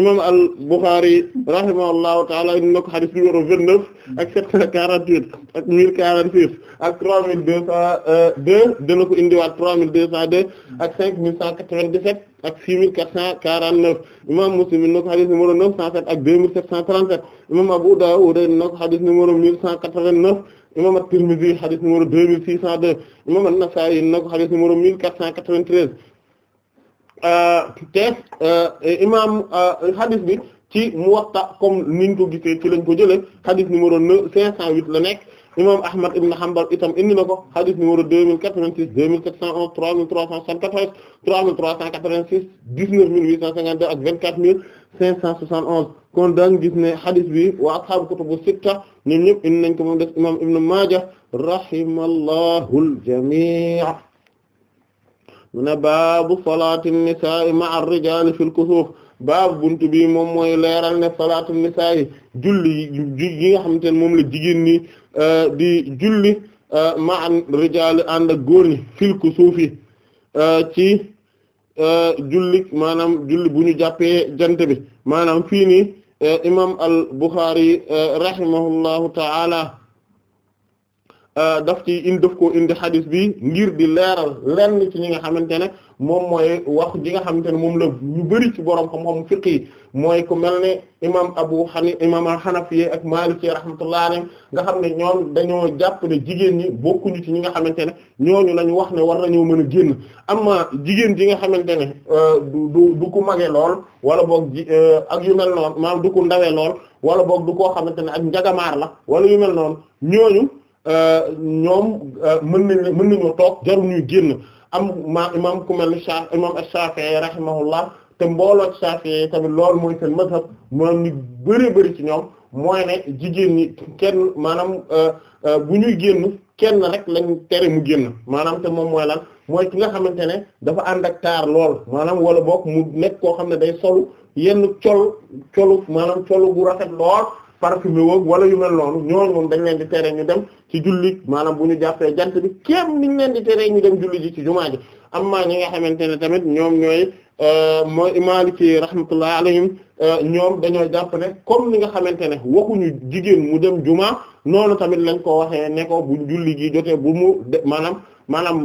imam al-Bukhari rahimahullahu taala indi na ko xadis numéro vingt neuf ak sept cent quarante huit ak mille quarante six ak trois mille deux cent deux dana ko indiwaat trois mille deux cent deux ak cinq mille cent quatre vingt dix sept ak six mille quatre cent quarante neuf imam Muslim indi na ko xadis numéro neuf cent sept ak deux mille cent trente sept imam Abu Dawud indi na ko xadis numéro cent quatre vingt neuf imam at-Tirmidhi xadis numéro te euh, e, imaam euh, hadith bi ci Muwatta comme niñ ko gisee ci lañ ko jëlee hadith numéro 9 508 la nekk imaam Ahmad ibn Hanbal itam indi na ko hadith numéro 2086 2411 3374 3386 19852 ak 24571 kon daañu gis ne hadith bi waa ashaabu kutubu sitta ñun ñëpp indi nañ ko moom def imaam Ibn Maaja rahimallahu al-jamii' mu ne baabu salaati nisaa ma'a ar-rijaali fil baabu buntu bi moom mooy leeral ne salaatu nisaa yi julli yi nga xamante ni moom la jigéen ñi euh, di julli euh, ma'a ar-rijaali ànd ak góor ñi fil kusuuf euh, ci julli maanaam julli bu ñu jàppee jant bi maanaam fii nii imaam al Bukhari rahimahullahu Euh, daf ci indi daf ko indi xadis bi ngir di leeral lenn ci ñi nga xamante ne moom mooy wax ji nga xamante ne moom la ñu bari ci borom xam-xam fiqh yi mooy ku mel ne imam Abu Hanifa imam al-Hanafi ak Maliki rahmatullahi alayhim nga xam ne ñoom dañoo jàpp ne jigéen ñi bokkuñu ci ñi nga xamante ne ñooñu lañu wax ne war na nañoo mën a génn amma jigéen ji nga xamante ne euh, du du ku mage lool wala boog ji euh, ak yu mel noonu du ku ndawe lool wala boog du koo xamante ne ak njagamaar la wala yu mel noonu ñooñu. Euh, ñoom euh, mën nañu mën nañoo toog jarul ñuy génn am ma imam ku mel ni Sha imam Ash-Shafi'i rahimahullah te mbooloo Shafi'i tamit loolu mooy seen mazhab maanaam ñu bëree bëri ci ñoom mooy ne jigéen ñi kenn maanaam euh, bu ñuy génn kenn rek lañ tere mu génn maanaam te moom mooy lan mooy ki nga xamante ne dafa ànd ak taar lool maanaam wala boog mu nekk koo xam ne day solu yenn col colu maanaam colu bu rafet lool parfumé woog wala yu mel noonu ñooñu moom dañ leen di tere ñu dem ci julli maanaam bu ñu jàppee jant bi kéem niñ leen di tere ñu dem julli ji ci jumaa ji amma ñi nga xamante ne tamit ñoom ñooy euh, mooy Maliki rahmatullah alayhim euh, ñoom dañoo jàpp ne comme ni nga xamante ne waxuñu jigéen mu dem jumaa noonu tamit lañ ko waxee ne ko bu julli gi jotee bu mu de maanaam maanaam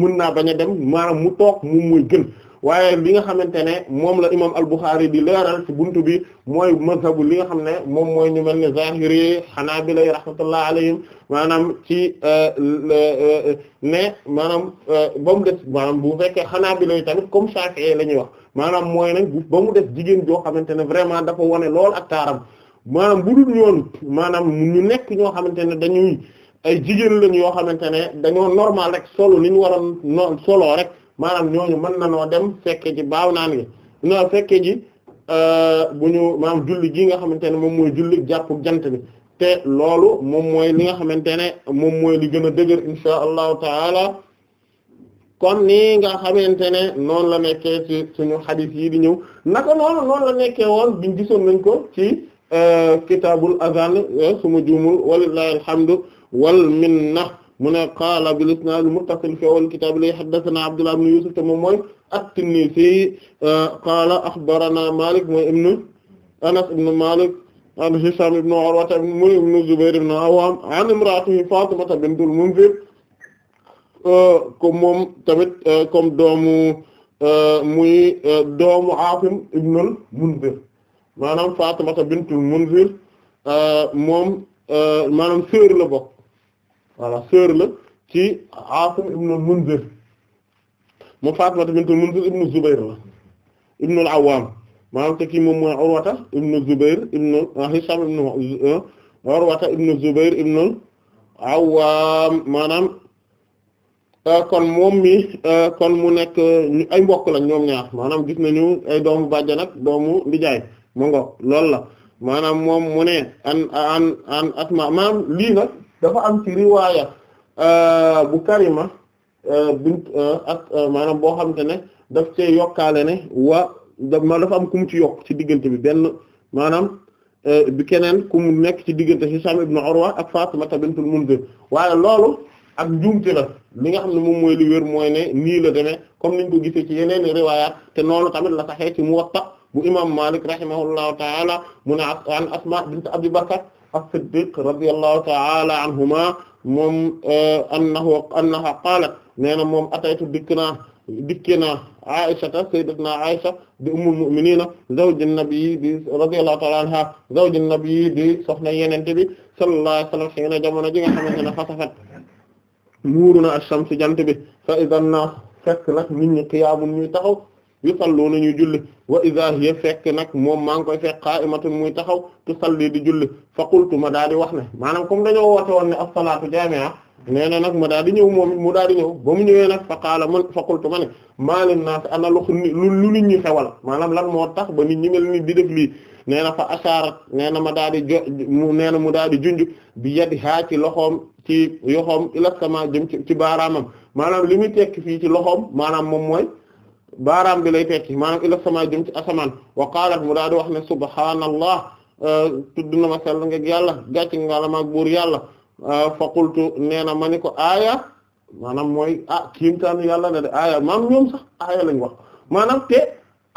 mën naa bañ a dem maanaam mu toog mu mooy gën waaye li nga xamante ne moom la imam al-Bukhari di leeral ci bunt bi mooy mazhabu li nga xam ne moom mooy ñu mel ni zahiri hanabila rahmatullah alayhim maanaam ci euh, euh, ne maanaam euh, ba mu des maanaam bu fekkee hanabila tamit comme Shafi'i la ñuy wax maanaam mooy nag ba mu des jigéen joo xamante ne vraiment dafa wane lool ak taaram maanaam bu dul yoon maanaam ñu nekk ñoo xamante ne dañuy ay jigéen lañ yoo xamante ne dañoo normal rek solo ni ñu war a solo rek maanaam ñooñu mën na dem fekke ji baaw naan gi no fekke ji euh, bu ñu maanaam julli gi nga xamante ne moom mooy julli jàppu jant bi te loolu moom mooy li nga xamante ne moom mooy li gën a dëgër insha allahu taala kon nii nga xamante ne noonu la nekkee ci suñu xadis yi di ñëw naka noonu noonu la nekkee woon biñ gisoon nañ ko ci euh, kitaabul azan euh, su ma juumul walillahi alhamdu wal minna mu ne qaala bil isnaad al muttasil fi awwal kitaab li haddathana Abdullah ibn Yusuf te moom mooy at-Tinnisi qaala akhbarana Malik mooy ibn Anas ibn Malik an Hisham ibn Urwa ibn Zubayr ibn Awwam an imra'atihi Fatimata bintul Munzir comme moom tamit comme doomu muy doomu Aasim ibnul Munzir maanaam Fatimata bintul Munzir moom maanaam sœur la bokk voilà sœur la ci Asim ibnul Munzir mu Faatimata bintul Munzir ibnu Zubayr la ibnul Awwaam maanaam te kii moom mooy Urwata ibnu Zubayr ibnu Hisham ibnu Urwata ibnu Zubayr maanaam euh, kon moom mi euh, kon mu nekk ay mbokk lañ ñoom ñaar maanaam gis nañu ay doomu bàjjan ak doomu ndijaay mu ngo la maanaam moom mu ne an an an lii na dafa am ci riwaaya euh, bu Karima euh, bint euh, ak maanaam boo xamante ne daf cee yokkaale ne waa ma dafa am ku ci yokk ci diggante bi benn maanaam bi keneen ku nekk ci diggante Hisham ibn Urwa ak Fatimata bintul Munzir waaye loolu ak njuumte la li nga xam ne moom mooy li wér mooy ne nii la demee comme niñ ko gisee ci yeneen riwaayaat te noonu tamit la saxee ci Muwatta bu imam Malik rahimahullahu ta'ala mu ne an Asma bint Abi Bakr as-Siddiq radiyallahu ta'ala anhuma moom eh, annahu annaha qaalat nee na moom ataytu dikk naa dikke naa Aysata sayyidatuna Aysa di ummul mu'minina zawjun nabi di radiyallahu ta'ala anha zawjun nabi di soxna yenente bi sallallahu alayhi wa sallam xëy na jamono ji nga xamante ne xasafat muuruna ash-shams jant bi fa idan na fekk nag nit ñi qiyaamun ñuy taxaw yusalluuna ñu julli wa idha hiya fekk nag moom maa ngi koy fekk qa'imatun muy taxaw tusalli di julli fa qultu ma daal di wax ne maanaam comme dañoo woote woon ne as-salaatu jaami'a nee na nag ma daal di ñëw moom mu daal di ñëw ba mu ñëwee nag fa qaala man fa qultu ma ne maa linnaas ana lu lu nit ñi xewal maanaam lan moo tax ba nit ñi mel ni di def lii na fa asharat nee na ma daal di jo mu nee na mu daal di junj bi yadihaa ci loxoom ci yoxoom ila sama jëm ci baaraamam maanaam li muy tekk fii ci loxoom maanaam moom mooy baaraam bi lay tekki maanaam ila sama jëm ci asamaan wa qaalat mu daa di wax ne subhaanallah euh, tudd na ma sell nga yàlla gàcc nga la maag buur yàlla euh, fa qultu nee na ma ni ko aaya maanaam mooy ah kiimtaanu yàlla ne de aaya maam ñoom sax aaya lañ wax maanaam te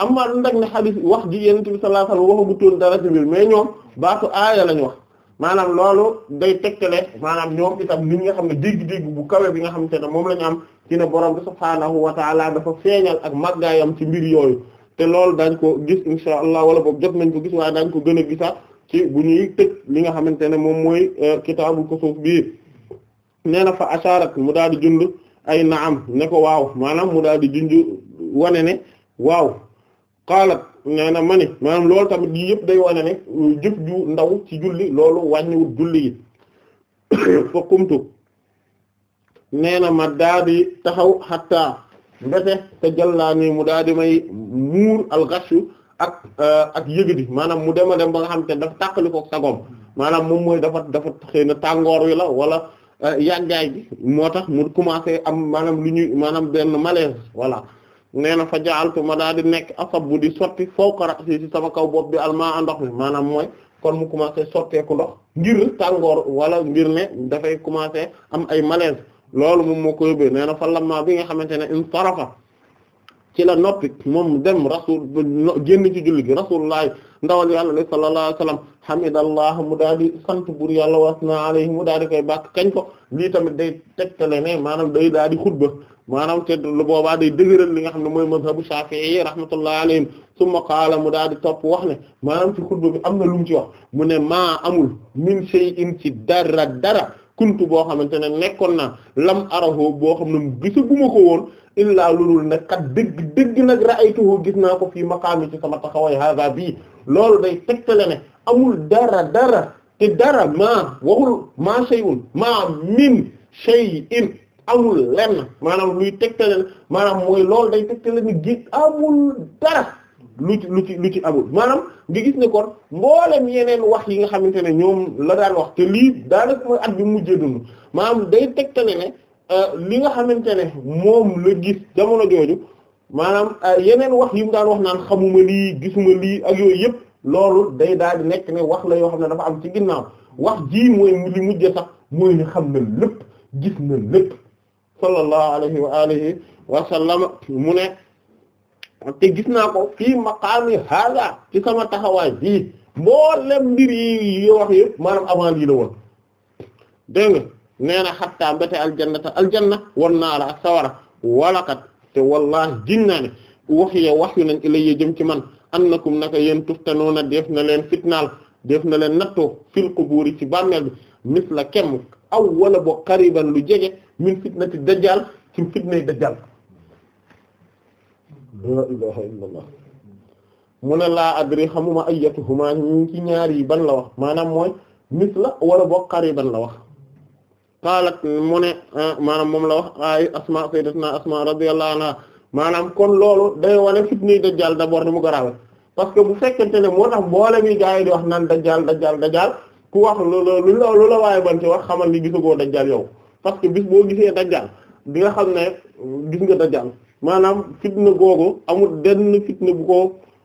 am maa lu ndak ne xadis wax ji yonent bi sallallahu alayhi wasallam waxagu toon dara ci mbir mais ñoom baatu aaya lañ wax maanaam loolu day tegtale maanaam ñoom itam nit nga xam ne dégg-dégg bu kawe bi nga xamante ne moom la ñu am ci ne borom bi subhaanahu wa taala dafa feeñal ak màggaayam ci mbir yooyu te loolu daañ ko gis insha allah wala boog jot nañ ko gis waaye dañ ko gën a gisaat ci bu ñuy tëj li nga xamante ne moom mooy euh, kitaabu ko bii nee na fa asharat mu daal di jund ay naam ne ko waaw maanaam mu daal di junj wane ne waaw qaalat nee na ma ni loolu tamit yii yëpp day wane ne euh, ju ndaw ci julli loolu wàññiwul julli yi fa kumtu na ma daadi taxaw xattaa mbete te jàllaa mu daa di may muur algashu ak euh, ak yëgadi maanaam mu dema dem ba nga xam te dafa tàqali ko sagoom maanaam moom mooy dafa dafa xëy na tàngoor wi la wala euh, yàggaay gi moo tax mu commencé am maanaam lu ñuy maanaam benn malaise voilà nee na fa jaaltu ma daa di nekk asabbu di sotti fawqa ra'si ci sama kaw bopp bi almaa ndox mi maanaam mooy kon mu commencé sotteeku ndox ngir tàngoor wala ngir ne dafay commencé am ay malaise loolu mu moo ko yóbbee na fa lamma bi nga xamante ne in sarafa ci la noppi moom dem rasul génn ci julli gi rasulullah ndawal yàlla li sallallahu alayhi wasallam hamidallah mu daal di sant buur yàlla wasna alayhi mu daal di koy bàkk kañ ko lii tamit day tegtale ne maanaam day daal di xutba maanaam te lu boobaa day dëgëral li nga xam ne mooy mazhabu Shafi'i yi rahmatullahi alayhim summa qaala mu daal di topp wax ne maanaam ci xutba am na lu mu ci wax mu ne maa amul min shay'in ci dara dara kuntu boo xamante ne nekkoon na lam arahu boo xam ne gisaguma ko woon illaa lulul nag kat dëgg dëgg nag ra'aytuhu gis naa ko fii maqaami ci sama taxaway hada bii loolu day tegtale ne amul dara dara te dara maa waxul maa shay'un maa min shay'in amul lenn maanaam luy tegtale maanaam mooy loolu day tegtale ni gis amul dara lu ci lu ci lu ci amul maanaam nga gis ne kon mboolem yeneen wax yi nga xamante ne ñoom la daan wax te lii daanaka mooy at bi mujjee dund maanaam day tegtale ne euh, li nga xamante ne moom la gis jamono jooju maanaam euh, yeneen wax yi mu daan wax naan xamuma lii gisuma lii ak yooyu yëpp loolu day daal di nekk ne wax la yoo xam ne dafa am ci ginnaaw wax ji mooy li mujjee sax mooy ne xam na lépp gis na lépp sallallahu alayhi wa alihi wa sallam mu ne te gis naa ko fii maqaami hada taxawaay bii mboolem mbir yi yo wax yëpp maanaam avant lii la woon dégg nga nee na xattaa mbéte aljannata aljanna wan naara ak sawara walakat te wallahi jin naa ne wax ye wax yu nañ ilayya jëm ci man annakum naka yéen tuftanoona def na leen fitnaal def na leen nattoo fil quburi ci bàmmeel bi misla kem aw wala boog qariban lu jege min fitnati dajjal da jaal dajjal la ilaha illallah mu ne laa adri xamuma ayyatuhuma ñi ci ñaar ban la wax maanaam mooy misla wala boog qariban la wax qaalat mu ne ah, maanaam moom la wax ay asma sayyidatuna asma radiyallahu anha maanaam kon loolu day wane fitnay dajjal d'abord ni mu garaawal parce que bu fekkente ne moo tax mboole mi gaa yi di wax naan dajjal dajjal dajjal ku wax loolu lu la lu la waaye ban ci wax xamal ni gisagoo dajjal yow parce que bis boo gisee dajjal bi nga xam ne gis nga dajjal maanaam fitna googu amul benn fitna bu ko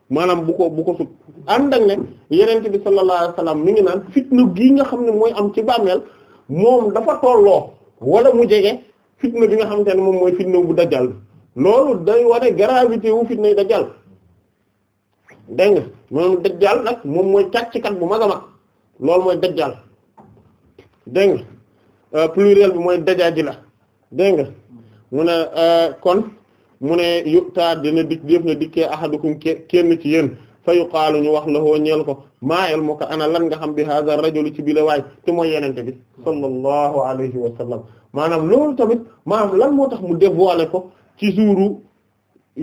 maanaam bu ko bu sut ànd ak ne yenente bi sallallahu alayhi wasallam mi ngi naan fitna gii nga xam ne mooy am ci bàmmeel moom dafa tolloo wala mu jege fitna bi nga xamante ne moom mooy fitna bu dajjal loolu day wane gravité wu fitna dajjal dégg nga moom dajjal nag moom mooy càcckat bu mag a mag loolu mooy dajjal dégg nga euh, pluriel bi mooy dajaaji la dégg nga mu ne euh, kon mu ne yuktaa dina dik def na dikkee ahadukum kenn ci yéen fa yuqaalu ñu wax la woo ñeel ko maa ilmuka ana lan nga xam bi hadha rajul ci bile waay te mooy yenente bi sallallahu alayhi wa sallam maanaam loolu tamit maanaam lan moo tax mu dévoiler ko ci jouru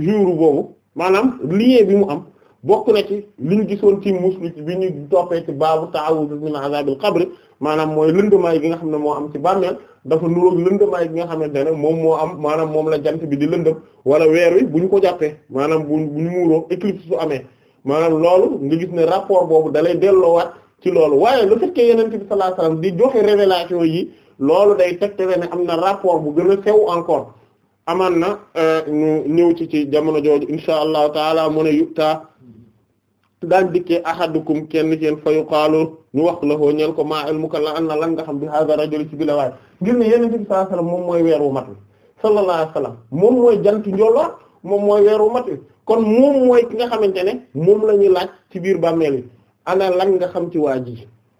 jouru boobu maanaam lien bi mu am bokk na ci li ñu gisoon ci muslu bi ñu toppee ci baabu ta'awudh min azabil qabr maanaam mooy lëndamaay gi nga xam ne moo am ci bàmmeel dafa nuroog lëndamaay gi nga xamante ne moom moo am maanaam moom la jant bi di lëndëm wala weer wi bu ñu ko jàppee maanaam bu bu ñu muuroo éclipse su amee maanaam loolu nga gis ne rapport boobu dalay delloowaat ci loolu waaye lu fekkee yonent bi sallallahu alayhi wasallam di joxe révélation yi loolu day tegtale ne am na rapport bu gën a sew encore amaan na euh, ñu ñëw ci ci jamono jooju insha allahu taala mu ne yutta daañ dikkee ahadukum kenn seen fayu xaalu ñu wax la koo ñeel ko maa ilmuka la an na lan nga xam bi hada rajul ci bi la waay ngir ne yenente bi sallallahu alayhi moom mooy weer wu mat wi sallallahu alayhi wasallam moom mooy jant njolloor moom mooy weer wu mat wi kon moom mooy ki nga xamante ne moom la ñuy laaj ci biir bàmmeel yi ana lan nga xam ci waa ji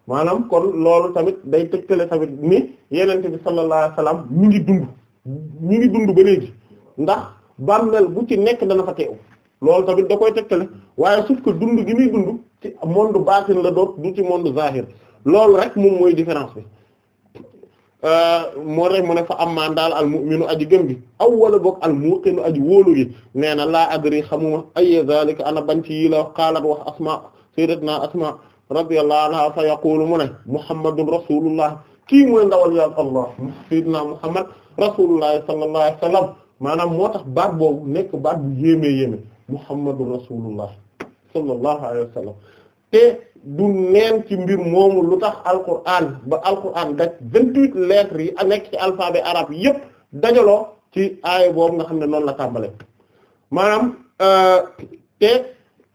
maanaam kon loolu tamit day tëj tëkkale tamit ni yenente bi sallallahu alayhi wasallam ñu ngi dund ñu ngi dund ba léegi ndax bàmmeel bu ci nekk dana fa teew lool tamit da koy tegtale waaye suuf que dund gi muy dund ci monde baatin la doot du ci monde zahir loolu rek moom mooy différence bi euh, moo rek mu fa amma daal al mu'minu aji gëm gi aw wala boog al aji wóolu gi nee na laa adri xamuma ay zalika ana ban ci yi la xaalat wax asma sayyidatna asma radiyallahu anha fa yaqulu mu ne muhammadun rasulullah kii mooy ndawal yàlla allah sayyidina muhammad rasulullah sallallahu alayhi wasallam maanaam moo tax baat boobu nekk baat bu yéeme yéeme muhammadu rasulullah sallallahu alayhi wa sallam te du neen ci mbir moomu lu tax alquran ba alquran daj vingt-huit lettres yi nekk ci alphabet arab yépp dajaloo ci aaya boobu nga xam ne noonu la tàmbale maanaam euh, te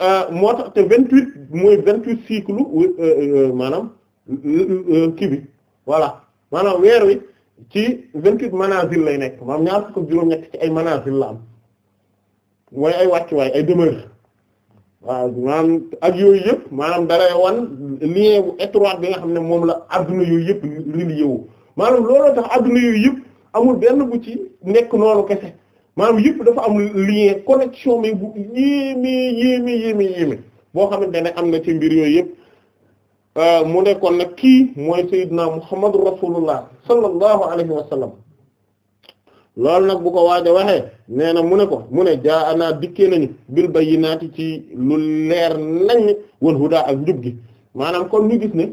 euh, moo tax te vingt-huit mooy vingt-huit cycle euh, maanaam kii bi voilà maanaam weer wi ci vingt-huit manazil lay nekk maanaam ñaar fukk ak juróom-ñett ci ay manazil la am mooy ay wàccuwaay ay demeure waaw maanaam ak yooyu yëpp maanaam dara wan lien bu étroit bi nga xam ne moom la adduna yooyu yëpp relié wu maanaam dax tax adduna yooyu yëpp amul benn bu ci nekk noonu kese maam yëpp dafa am lien connexion mais bu yéeme yéeme yéeme boo xamante ne am na ci mbir yooyu yëpp euh, mu nekkoon nag kii mooy Seydina Muhammadu Rasulullah sallallahu alayhi wa sallam loolu nag bu ko waaj waxee nee na mu ne ko mu ne jaa anaa dikkee nañu bil bayyinaati ci lu leer nañ wal huda ak njub gi maanaam kon ñu gis ne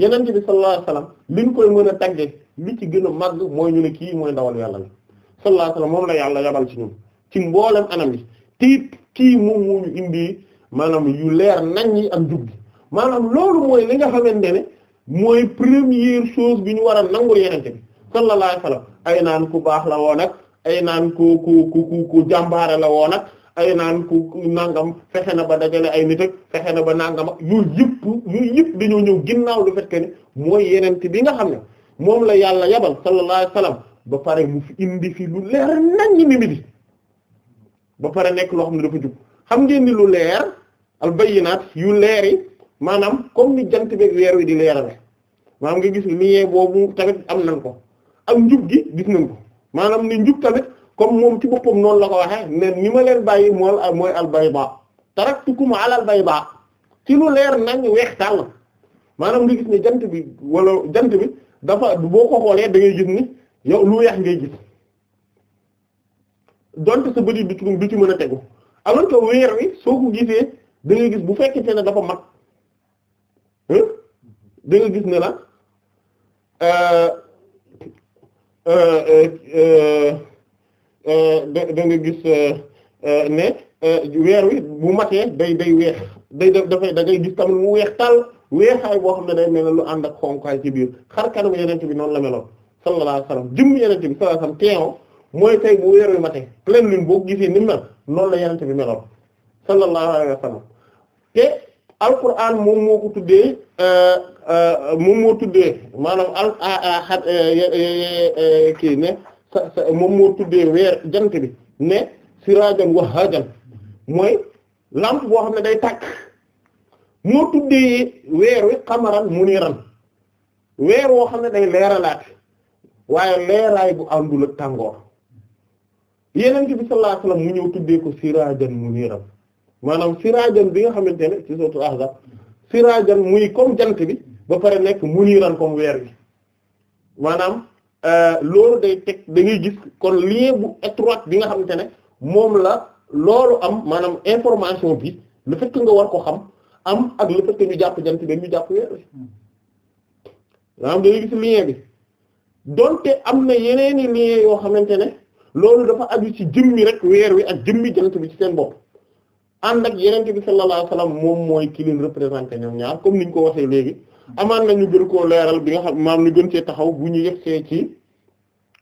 yeneen bi sallallahu alayhi wasallam li ñu koy mën a tàggee li ci gën a màgg mooy ñu ne kii mooy ndawal yàlla la sallallahu alayhi moom la yàlla yabal ci ñun ci mboolem anam yi tiit kii moom moo indi maanaam yu leer nañ ñi ak njub gi maanaam loolu mooy li nga xamante ne mooy première chose bi ñu war a nangul yeneen bi sallallahu alayhi wasallam ay naan ku baax la woon ak ay naan ku ku ku jàmbaare la woon ak ay naan ku nangam fexe na ba dajale ay nit fexe na ba nangam ak yooyu yëpp yooyu yëpp dañoo ñëw ginnaaw lu fekk ni mooy yeneen ti bi nga xam ne moom la yàlla yabal sallallahu alayhi ba pare mu fi indi fi lu leer naññ ni mi ba pare nekk loo xam ne dafa jub xam ngeen ni lu leer al bayyinaat yu leer yi maanaam comme ni jant beeg weer wi di leerale maanaam nga gis lien boobu tamit am nañ ko ak njub gi gis nañ ko maanaam ne njub tamit comme moom ci boppam noonu la ko waxee ne ni ma leen bàyyi mool mooy albayba taraktukum ala albayba ci lu leer nañ weex tàll maanaam nga gis ne jant bi wala jant bi dafa boo ko xoolee da ngay gis ni yow lu weex ngay gis donte sa bëri du ci mën a tegu alors ko weer wi soo ko gisee dangay gis bu fekkente ne dafa mat da gis ne la euh, Euh, euh, euh, da nga gis ne weeru wi bu matee day day weex day dafay da ngay gis tamit mu weex tal weexaay boo xam ne day mel na lu ànd ak xonkaay ci biir xar kanam yeneen bi noonu la meloon sallallahu alayhi wasallam jëmm yeneen bi sallallahu alayhi wasallam teewoo mooy tey bu weer wi matee pleine ni mel la yeneen bi meloon sallallahu alquran moom moo ko tuddee euh, euh, moom moo tuddee maanaam al ahad kii ne moom moo tuddee weer jant bi ne sirajan wahhajan mooy lampe boo xam ne day tàkk moo tuddee weer wi xamaran muniran weer woo xam ne day leeralaat waaye leeraay bu àndul ak tàngoor yeneen bi sallallahu alayhi wasallam mu ñëw tuddee ko sirajan muniran maanaam siraajan bi nga xamante ne ci suratul ahzab siraajan muy comme jant bi ba pare nekk mu muniran comme weer bi maanaam euh, loolu day teg da ngay gis kon lien bu étroit bi nga xamante ne moom la loolu am maanaam information bi lu fait nga war ko xam am ak lu fait que ñu jàpp jant bi ñu jàpp weer bi maanaam da gis lien bi donte am na yeneeni lien yoo xamante ne loolu dafa aju ci jëmmi rek weer wi ak jëmmi jant bi ci seen bopp ànd ak yenente bi sallallahu alayhi wasallam moom mooy ki leen représenté ñoom ñaar comme niñ ko waxee léegi amaan na ñu gën koo leeral bi nga xam maam ñu gën cee taxaw bu ñu yegsee ci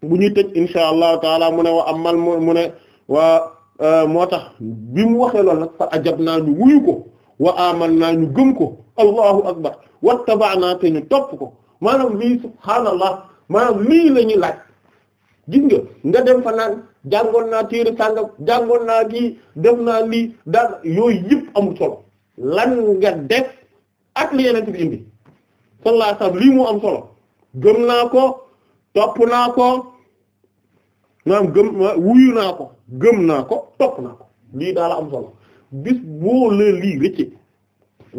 bu ñuy tëj insha allahu taala mu ne wa amal mu ne waa euh, moo tax bi mu waxee lool nag fa ajab naa ñu wuyu ko wa amal naa ñu gëm ko allahu akbar wattaba'na te ñu topp ko maanaam lii subhaanallah maanaam lii la ñuy laaj gis nga nga dem fa naan jàngoon naa téere sàngam jàngoon naa kii dem naa lii daal yooyu yëpp amul solo lan nga def ak li yeneen bi indi sallallahu alayhi lii mu am solo gëm naa ko topp naa ko maanaam gëm wuyu naa ko gëm naa ko topp naa ko lii daal am solo bis boo la lii rëcce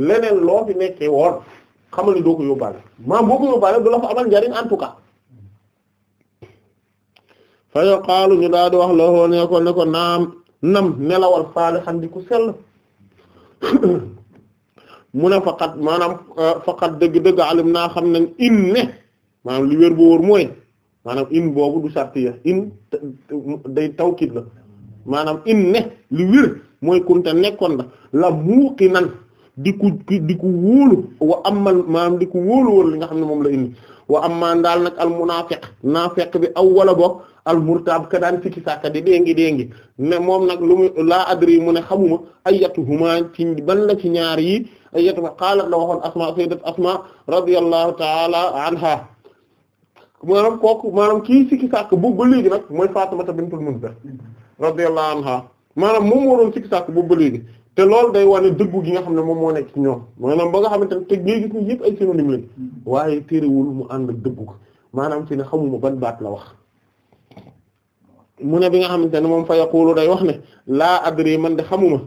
leneen loo fi nekkee woon xamal ni doo ko yóbbaale maanaam boo ko yóbbaale du la fa amal njariñ en tout fa yuqaalu ñu daal di wax la woo ne ko ne ko naam nam nelawal saalihan di ku sell mu ne faqat maanaam euh, faqat dëgg-dëgg alim naa xam nañ in ne maanaam li wér bu wóor mooy maanaam in boobu du sartiya in day tawkid la maanaam in ne li wér mooy kunte nekkoon la la muuqi nan di ku di ku wa amal maanaam di ku wóolu li nga xam ne moom la indi wa amma daal nag al munaafiq naafiq bi aw wala boog al murtaab ka daan sikki sàkka di déngi déngi ne moom nag lu mu laa adri mu ne xamuma ayyatuhuma ci ban la ci ñaar yi ayyatuhuma qaalat la waxoon asma sayyidat asma radiyallahu ta'ala anha maanaam kooku maanaam kii sikki sàkk bu ba léegi nag mooy Faatimata bintul Munzir radiyallahu anha maanaam moom waroon sikki sàkk bu ba léegi te loolu day wane dëggu gi nga xam ne moom moo nekk ci ñoom maanaam ba nga xamante ne te yëpp ay synonyme lañ waaye téerewul mu ànd ak dëggu maanaam ci ne xamuma ban baat la wax mu bi nga xamante ne moom fa yaqulu day wax ne laa adri man de xamuma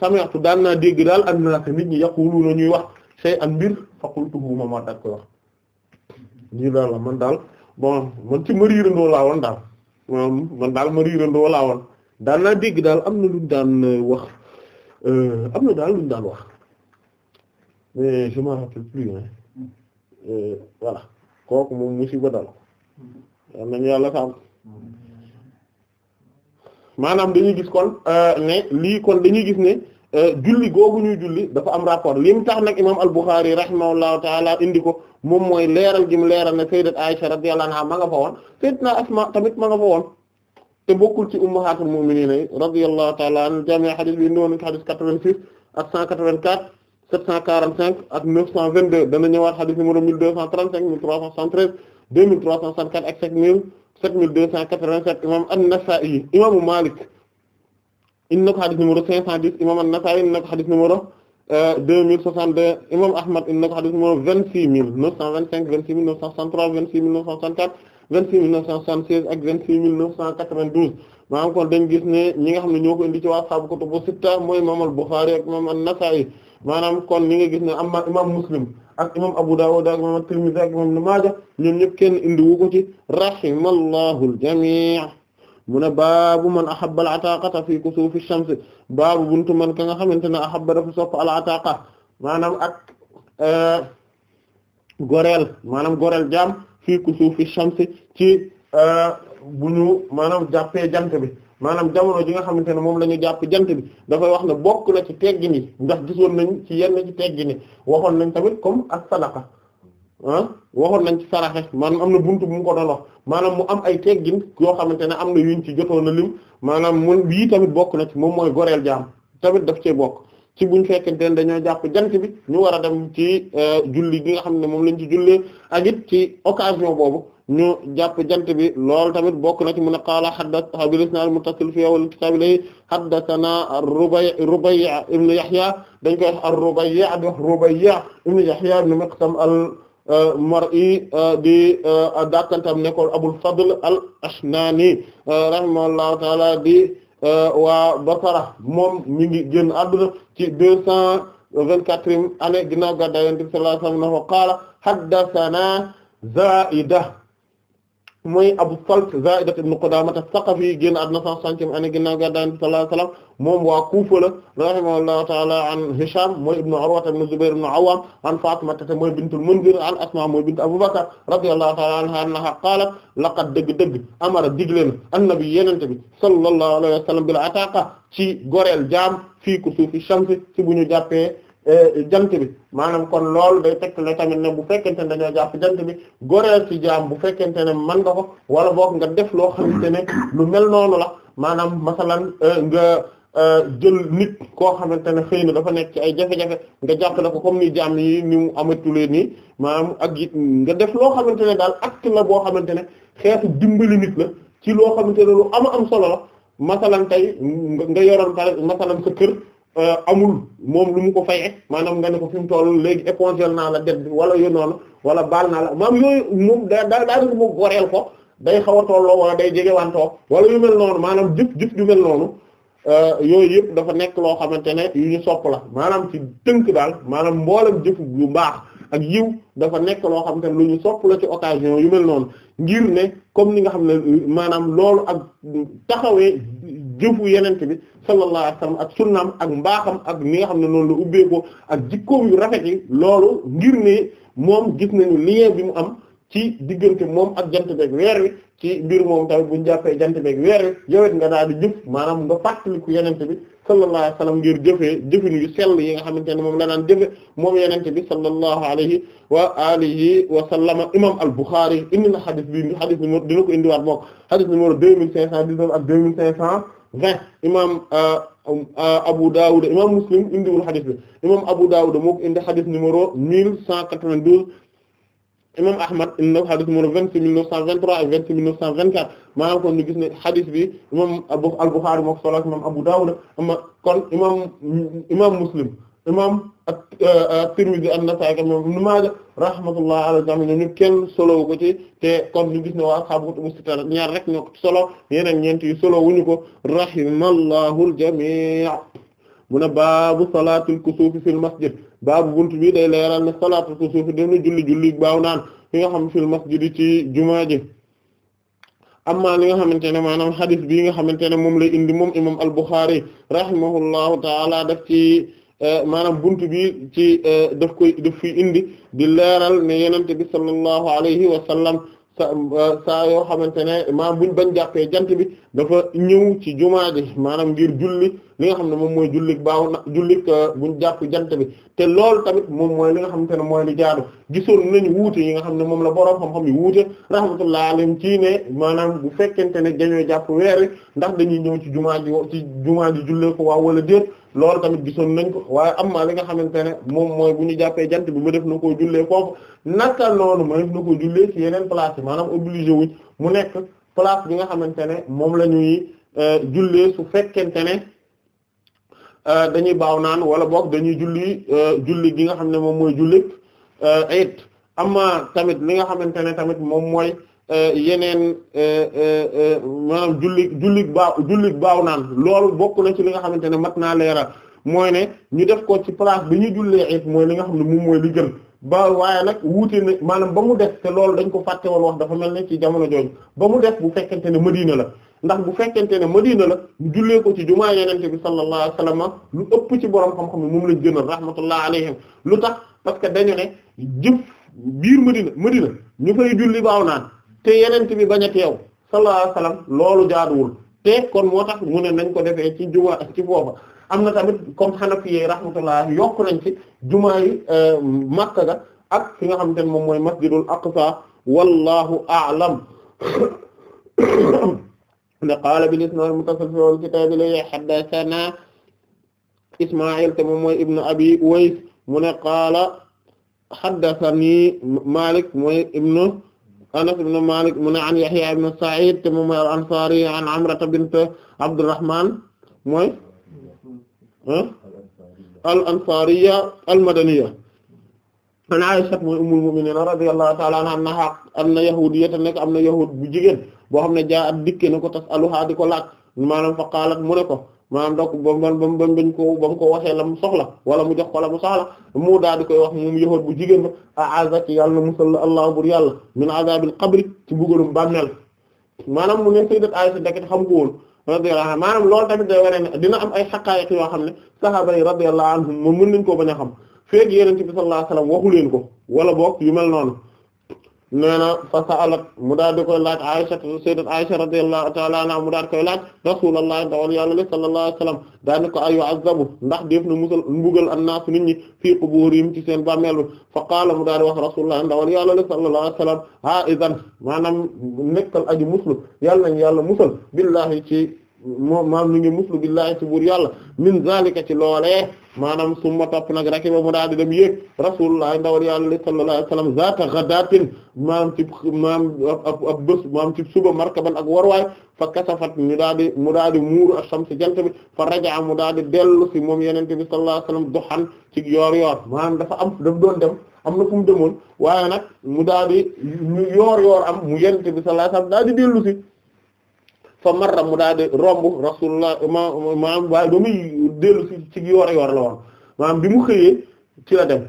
sami'tu daan naa dégg daal am na nit ñi yaquluna ñuy wax say mbir fa qultuhu ma daal koy wax lii daal man daal bon man ci mariirandoo laa woon daal man daal mariirandoo laa naa dégg daal am na lu daan wax Euh, am na daal lu ñu wax mais je m'en plus hein mm. euh, voilà kooku moom musiba dal am mm. nañu yàlla sàmm maanaam dañuy gis kon euh, ne lii kon dañuy gis ne julli googu ñuy julli dafa am rapport li mu tax nag imam al-Bukhari rahimahullahu taala indi ko moom mooy leeral gi mu leeral ne sayyidat Aisha radiyallahu anha ma nga fa woon sayyidatna Asma tamit ma nga fa woon te bokkul ci ummahatul mu'minina radiyallahu ta'ala anhu jami' xadis bi indiwoon ci xadis 86 ak 184 745 ak 922 dana ñëwaat xadis numéro 1235 1373 2364 ak 7000 7287 imam an-Nasa'i imaamu Malik indi na ko xadis numéro 510 imam an-Nasa'i indi na ko xadis numéro 2062 euh, imam Ahmad indi na ko xadis numéro 26925 26963 26964 vingt-six mille neuf cent soixante-seize ak vingt-six mille kon dañ gis ne ñi nga xam ne ñoo ko indi ci waa ashaabu kutubu sitta mooy imam al-Bukhari ak imam an-Nasa'i maanaam kon ñi nga gis ne amma imam Muslim ak imam Abu Dawud ak imam at-Tirmidhi ak imam Ibn Maaja ñoom ñëpp kenn indi wu ko ci rahimallahu al-jami' mu ne baabu man ahabba al-ataqata fi kusufi ash-shams baabu buntu man ka nga xamante ne ahabba dafa sopp al-ataqa maanaam ak eh, goreel maanaam goreel jaam fii kusuufi shamsi ci euh, bu ñu maanaam jàppee jant bi maanaam jamono ji nga xamante ne moom la ñu jàpp jant bi dafay wax na bokk na ci teggin yi ndax gisoon nañ ci yenn ci teggin yi waxoon nañ tamit comme ak sadaka ah waxoon nañ ci saraxe maanaam am na buntu bu mu ko doon wax maanaam mu am ay teggin yoo xamante ne am na yuñ ci jotoon na lim maanaam mun bii tamit bokk na ci moom mooy goreel jaam tamit daf cee bokk ci buñ fekkente de dañoo jàpp jant bi ñu war a dem ci euh, julli gi nga xam ne moom lañ ci jullee ak ci occasion boobu ñu jàpp jant bi loolu tamit bokk na ci mun a qaala haddathanaa bil-isnaad al-muttasil fii awwal kitaab ilayhi haddathanaa Rubay' Rubay' ibn Yahya dañ koy wax ar-Rubay' di wax Rubay' ibn Yahya ibn Miqsam al-Mar'i euh, di euh, daakantam nekkoon Abul Fadl al-Ashnaani rahimahullahu ta'aala di Euh, waa Basra moom mi ngi génn àdduna ci deux cent vingt-quatrième année ginnaaw gàddaay Yonent bi sallallahu alayhi wa sallam qaala haddathana Zaida mooy Abu Salt Za'idat ibn Qudamah as-Saqafi génn àdduna 160 ani ginnaaw gàddaay Yonent bi sallallahu alayhi wa sallam moom waa Kufa la rahimahullahu ta'ala an Hisham mooy ibn Urwa ibn Zubayr ibn Awwam an Fatima te mooy bintul Munzir an Asma mooy bint Abu Bakr radiyallahu ta'ala anha annaha qaalat laqad dëgg-dëgg amara digle na annabi Yonent bi sallallahu alayhi wa sallam bil ataqa ci goreel jaam fii kusufi shamsi ci bu ñu jàppee Eh, jant bi maanaam kon loolu day tekk la tamit ne bu fekkente ne dañoo jàpp jant bi goreel ci jaam bu fekkente ne mën nga ko wala boog nga def loo xamante ne lu mel noonu la maanaam masalan eh, nga eh, jël nit koo xamante ne xëy na dafa nekk ci ay jafe-jafe nga jàppale ko comme ni jaam yi ni mu amatulee nii maanaam ak it nga def loo xamante ne daal acte la boo xamante ne xeet dimbali nit la ci loo xamante ne lu ama am solo la masalan tey nga yoroon pare masalan sa kër. Euh, amul moom lu mu ko faye maanaam nga ne ko fi mu toll léegi éponger naa la dette bi wala yo noonu wala baal naa la maam yooyu moom da daa daa mu goreel ko day xaw a tolloo wala day jegewantoo wala yu mel noonu maanaam jëf jëf ju mel noonu euh, yooyu yëpp dafa nekk loo xamante ne yu ñu sopp la maanaam ci tënk daal maanaam mboolem jëf yu baax ak yiw dafa nekk loo xamante ne lu ñu sopp la ci occasion yu mel noonu ngir ne comme ni nga xam ne maanaam loolu ak taxawee jëfu yenent bi sallallahu alayhi wasallam ak sunnaam ak mbaaxam ak ni nga xam ne noonu la ubbi ko ak jikkoom yu rafet yi loolu ngir ne moom gis nañu lien bi mu am ci diggante moom ak jante beeg weer wi ci mbir moom tamit bu ñu jàppee jant beeg weer wi yow it nga daal di jëf maanaam nga fàttaliku yenent bi sallallahu alayhi wasallam ngir jëfee jëfin yu sell yi nga xamante ne moom la daan jëfe moom yenente bi sallallahu alayhi wa alihi wa sallama imam al-Bukhari indi na xadis bi xadis numéro dina ko indiwaat bokk xadis numéro deux mille cinq cent dix-neuf ak vingt imaam euh, euh, euh, Abu Dawud imaam Muslim indiwul xadis bi imaam Abu Dawud moo ko indi xadis numéro mille cent quatre-vingt-douze imaam Ahmad indi xadis numéro vingt-six mille neuf cent vingt-trois ak vingt-six mille neuf cent vingt-quatre maanaam kon ñu gis ne xadis bi imaam Al-Bukhârî moo ko solo ak imaam Abu Dawud ama kon imaam imaam Muslim imam at-Tirmidhi euh, an-Nasa'i imam Ibn Maaja rahmatullah ala jami ñoom ñëpp kenn solowu ko ci te comme ñu gis ne waa ashaabu kutubu sitta ñaar rek ñoo solo yeneen ñeent yi solo wuñu ko rahimallahu al-jami' na ne baabu salaatul kusuufi fil masjid baabu buntu bi day leeral ne salaatul kusuufi def na julli julli baaw naan fi nga xam fil masjid ci jumaa ji amma li nga xamante ne maanaam hadith bii nga xamante ne moom lay indi moom imam al-Bukhari rahimahullahu ta'ala daf ci Euh, maanaam buntu bi ci euh, daf koy daf fi indi di leeral ne yenente bi sallallahu alayhi wa sallam sa euh, saa yoo xamante ne maanaam buñ bañ jàppee jant bi dafa ñëw ci jumaa ji maanaam ngir julli li nga xam ne moom mooy jullik baaw na jullik euh, buñ jàpp jant bi te loolu tamit moom mooy li nga xamante ne mooy li jaadu gisoon nañu wuute yi nga xam ne moom la boroom xam-xam yi wuute rahmatullah alayhim ci ne maanaam bu fekkente ne dañoo jàpp weer wi ndax dañuy ñëw ci jumaa ji ci jumaa ji jullee ko waaw wala déet loolu tamit gisoon nañ ko waaye amma li nga xamante ne moom mooy bu ñu jàppee jant bi mu def na ko jullee foofu naka noonu ma def na ko jullee ci yeneen place yi maanaam wuñ mu nekk place bi nga xamante ne moom la ñuy euh, jullee su fekkente ne euh, dañuy baaw naan wala boog dañuy julli euh, julli bi nga xam ne moom mooy jullit ayit amma tamit li nga xamante ne tamit moom mooy yeneen maanaam julli jullit baaw baaw naan loolu bokk na ci li nga xamante ne mat naa leeral mooy ne ñu def ko ci place bi ñuy jullee ayit mooy li nga xam ne moom mooy li gën. ba waaye nag wuute na maanaam ba mu def te loolu dañ ko fàtte woon wax dafa mel ne ci jamono jooju ba mu def bu fekkente ne Madina la ndax bu fekkente ne Madina la ñu jullee ko ci jumaa yenente bi sallallahu alayhi wasallam lu ëpp ci borom xam-xam ne moom lañ gënal rahmatullah alayhim lu tax parce que dañu ne jëf biir Madina Madina ñu fay julli baaw naan te yenente bi bañ a teew sallallahu alayhi wasallam loolu jaaduwul te kon moo tax mu ne nañ ko defee ci jumaa ci foofa am na tamit comme Hanafi rahmatullah yokk nañ ci jumaa yi euh, Makka ga ak fi nga xamante ne moom mooy masjidul aqsa wallahu a'lam ne qaala bil isnaad muttasil fil kitaab li haddathana Isma'il te moom mooy ibnu abi Uways mu ne qaala haddathani Malik mooy ibnu Anas ibn Malik mu ne an Yahya ibn Sa'id te moom mooy al-Ansari an Amrata bint Abdurrahman mooy al ansariya al madaniya an Aisha mooy ummul mu'minin radiyallahu ta'ala anha am na xaq am na am na yahud bu jigéen boo xam ne jaa at dikke na ko tas aluhaa di ko laaj maanaam fa qaalat mu ne ko maanaam donc ba ba ba bañ ko ba mu ko waxee la mu soxla wala mu jox ko la mu soxla mu daal di koy wax moom yahud bu jigéen ba a'azaki yàlla musalla allah bur yàlla min azabil qabri ci buggalum bàmmeel maanaam mu ne sayyidat Aisha ndekete xam ko woon radiyallahu anhu maanaam loolu tamit day waree ne dina am ay xaqaayiq yoo xam ne sahaaba yi radiyallahu anhum moom mën nañ koo bañ a xam feek yeneen bi sallallahu alayhi wasallam waxu leen ko wala boog yu mel noonu nee na fa sa'alat mu daal di koy laaj Aisha sayyidat Aisha radiyallahu ta'ala anha mu daal di koy laaj rasulullah dawal yàlla li sallallahu alayhi wasallam daal di ko ayu azabu ndax def na musal mbugal annaas nit ñi fii quburihim ci seen bàmmeel fa qaala mu daal di wax rasulullah dawal yàlla li sallallahu alayhi wasallam idan maanaam nekkal aju muslu yàlla nañ yàlla musal billahi ci moom maam ñu ngi muslu billahi ci buur yàlla min zalika ci loolee maanaam summa topp nag rek ba mu daal di dem yéeg rasulullah ndawal yàlla li sallallahu alayhi wasallam zaata ghadatin maam ci maam ab ab bés maam ci suba markaban ak warwaay fa kasafat ñu daal di mu daal di muuru ashams jant bi fa raja'a mu daal di dellu si moom yenente bi sallallahu alayhi wasallam duhan ci yoor yoor maanaam dafa am daf doon dem am na fu mu demoon waaye nag mu daal di ñu yoor yoor am mu yenente bi sallallahu alayhi daal di dellu si fa marra mu daal di romb rasulullah maanaam waaye ba muy dellu si ci yor yor la ma maanaam bi mu xëyee ci la dem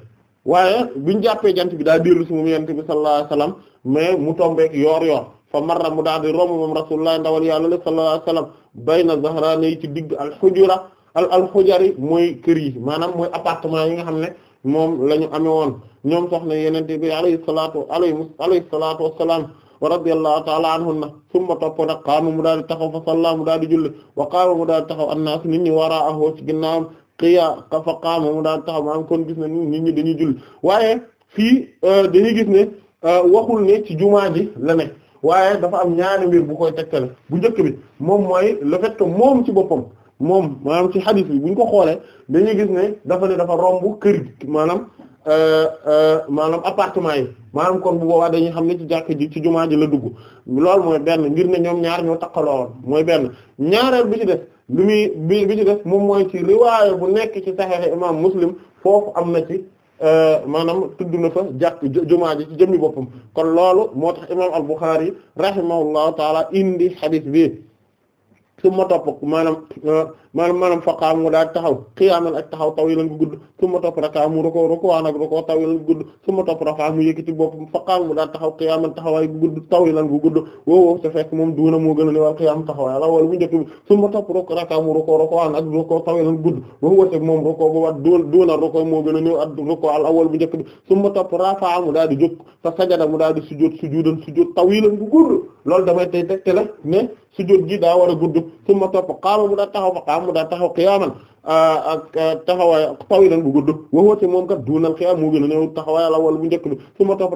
waaye bi ñu jàppee jant bi daa dellu si moom yonent bi sallallahu alayhi wasallam mais mu tombeek yor yor fa marra mu daal di romb moom rasulullah ndawal yàlla la sallallahu alayhi wasallam bayna zahrani yi ci digg al xujura al al xujari mooy kër yi maanaam mooy appartement yi nga xam ne moom la ñu amee woon ñoom soxna yonent bi alayhi salaatu alayhi alayhi salaatu wassalaam radiyallahu ta'ala anhunna summa topp nag qaama mu daal di taxaw fa salla mu daal di julli wa qaama mu daal di taxaw annaas nit ñi waraahu ci ginnaawam qiya fa qaama mu daal di taxaw maanaam kon gis na nit ñi dañuy julli waaye fii euh, dañuy gis ne euh, waxul ne ci jumaa ji la ne waaye dafa am ñaari mbir bu koy tegtale bu njëkk bi moom mooy le fait que moom ci boppam moom maanaam ci hadith bi bu ñu ko xoolee dañuy gis ne dafa ne dafa romb kër gi maanaam Euh, euh, maanaam appartement yi maanaam kon bu boobaa dañuy xam ne ci jàkk ji ci jumaa ji la dugg loolu mooy benn ngir ne ñoom ñaar ñoo takkaloo mooy benn ñaareel bi ci def lu muy bi bi ci def moom mooy ci riwaaya bu nekk ci Sahih imam Muslim foofu am na ci euh, maanaam tudd na fa jàkk jumaa ji ci jëmmi boppam kon loolu moo tax imam al-Bukhari rahimahullahu taala indi hadith bi summa topp euh, maanaam maanaam maanaam faqaam mu daal taxaw qiyaaman ak taxaw tawilan gu gudd summa topp raka'a mu rukoo rukuwaan ak rukoo tawilan gu gudd summa topp rafa'a mu yëkkati bopp faqaam mu daal taxaw qiyaaman taxawaay gu gudd tawilan gu gudd woowoo te fekk moo gën a liwal qiyaam taxawaay la wala bu njëkk bi summa topp ruk raka'a mu rukoo rukuwaan ak rukoo tawilan gudd woowoo a liw daal di jóg fa sajada mu daal di sujóot sujuudan sujóot tawilan damay tey tegtale ne sujjóot gi daa war a gudd summa topp qaama mu daa taxaw fa qaama mu daa taxaw qiyaaman Ah, ak ah, taxawaay tawilan bu gudd waxoo ci moom kat duunal xiyaam moo gën a néew taxawaay la bu njëkk bi su ma kat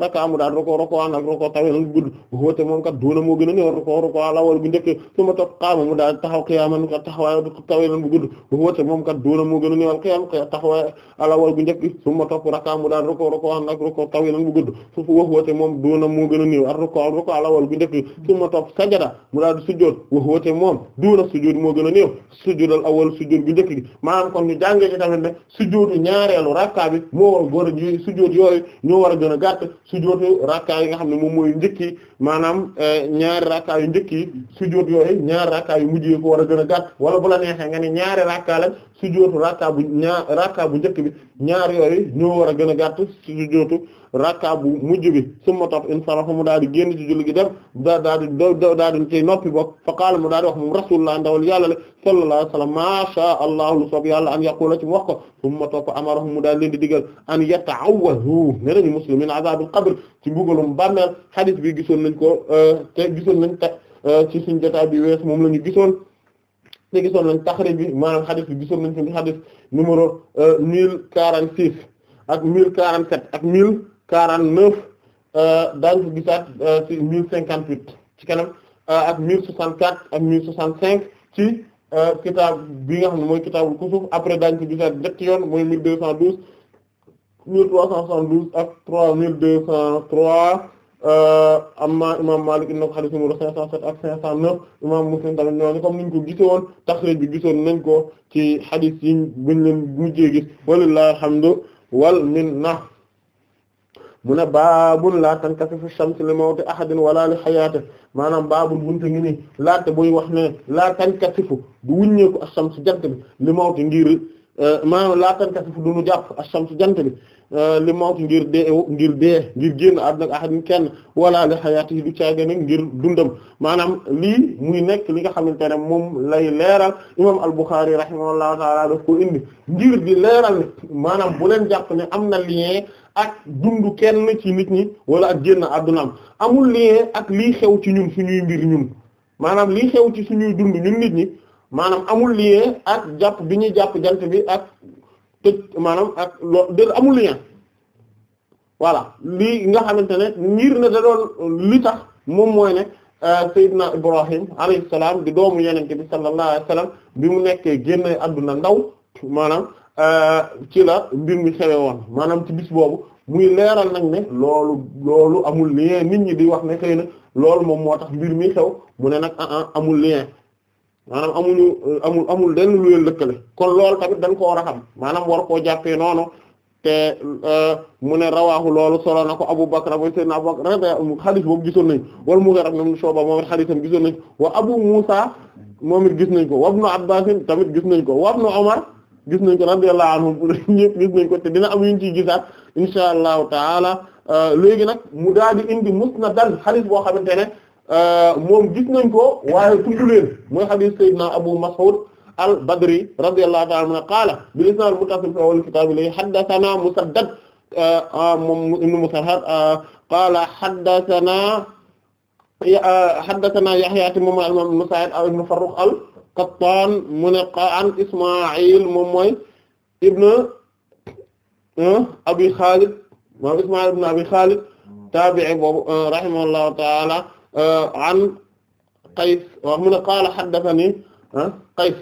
moo gën a néew roko roko la wala bu njëkk su ma topp qaama mu daal taxaw xiyaaman kat taxawaay tawilan bu moo gën a néew xiyaam taxawaay ma topp rakka amu daal roko roko an ak roko tawilan bu gudd su fu waxoo moom duuna moo gën a néew ak roko roko la wala bu sajada mu daal sujjóot waxoo ci moom duuna sujjóot moo gën a néew sujjóotal awal sujjóot bu njëkk gi maanaam kon ñu jàngee ci tamit ne sujjóotu ñaareelu rakka bi moo war a ji sujjóot yooyu ñoo war a gën a gàtt sujjóotu rakka yi nga xam ne moom mooy njëkk yi maanaam eh, ñaari rakka yu njëkk yi sujjóot yooyu ñaari rakka yu mujj war a gën a gàtt wala bu la neexee nga ne ñaari rakka sujjóotu rakka bu ñaar rakka bu njëkk bi ñaar yooyu ñoo war a gën a gàtt sujjóotu rakka bu mujj bi summa topp insarafa mu daal di génn ci julli dem da daa di da daa di cay noppi bokk fa qaala mu daal di wax moom rasulullah ndawal yàlla le sallallahu alayhi wa sallam ma sha Allah lu soob yàlla an yaqula ci mu wax ko summa topp amarahum mu daal leen di digal an yata'awwazu ne nañu muslimin azabul qabr ci mbugalum bàmmeel hadith bi gisoon nañ ko euh, te gisoon nañ te euh, ci suñu jotaay bi wees moom la ñu gisoon te gisoon nañ taxrij bi maanaam xadis bi gisoon nañ fi xadis numéro euh, mille quarante six ak mille quarante sept ak mille quarante neuf euh, daañu ko gisaat euh, ci mille cinquante huit ci kanam ak mille soixante quatre ak mille soixante cinq ci kitaab bi nga xam ne mooy kitaabul kusuf après daañu ko gisaat ñetti yoon mooy mille deux cent douze mille trois cent soixante douze ak trois mille deux cent trois Euh, amma imam Malik inna ko xadis numéro 507 ak 509 imam Muslim tamit noonu comme niñ ko gise woon taxrij bi gisoon nañ ko ci xadis yi buñ leen mujjee gis walillahi alhamdu wal minna mu ne baabun laa tankasifu shamsu li mawti ahadin wala li hayaati maanaam baabun bunte ngi nii laata buy wax ne laa tankasifu du wuññeeku ak shamsu jant bi li mawti ngir Euh, maanaam laa tankasifu du mu jàpp ash-shamsu jant bi euh, li mawt ngir dee ngir dee ngir génn àdduna ak ahadin kenn wala li xayaati du caage nag ngir dundam maanaam lii muy nekk li nga xamante ne moom lay leeral imaam al-Bukhari rahimahullahu taala daf ko indi ngir di leeral maanaam bu leen jàpp ne am na lien ak dundu kenn ci nit ñi wala ak génn àddunaam amul lien at lii xew ci ñun suñuy ngir ñun maanam lii xew ci suñuy dund ñun nit ñi maanaam amul lien ak jàpp bi ñuy jàpp jant bi ak tëj maanaam ak loo dégg amul lien voilà lii nga xamante ne ngir ne da doon li tax moom mooy ne euh, Seydina Ibrahim alayhi salaam di doomu yenente bi sallallahu alayhi wasallam bi mu nekkee génne adduna ndaw maanaam euh, ci la mbir mi xewe woon maanaam ci bis boobu muy leeral nag ne loolu loolu amul lien nit ñi di wax ne xëy na loolu moom moo tax mbir mi xew mu ne nag ah ah amul lien maanaam amuñu euh, amul amul lenn lu leen lëkkale kon loolu tamit dañ ko war a xam maanaam war koo jàppee noonu te euh, mu ne rawaahu loolu solo na ko Abu Bakr mooy seen Abu Bakr xadis boobu gisoon nañ wala mu ngi rafetlu mu Shuba moom it xadisam gisoon nañ wa Abu Musa moom it gis nañ ko wa Ibnu Abbas tamit gis nañ ko wa Ibnu Umar gis nañ ko radiyallahu anhum ñëpp gis nañ ko te dina am yuñ ciy gisaat euh, léegi nag mu daal di indi musnad xadis boo xamante ne. Euh, moom gis nañ ko waaye tudd leen mooy hadith sayyidina Abu Mas'ud al-Badri radiyallahu ta'ala anhu qaala bil-isnad al-muttasil fi awwal kitab li haddathana Musaddad euh, ah, moom ibn Musarhad euh, qaala haddathana haddathana Yahya moom al-imam ibn Sa'id ibn Farrukh al-Qattan mu ne an Isma'il moom mooy ibn Abi Khalid moom Isma'il ibn Abi Khalid tabi'i boobu rahimahullahu ta'ala an Qays wax mu ne qaala haddathani Qays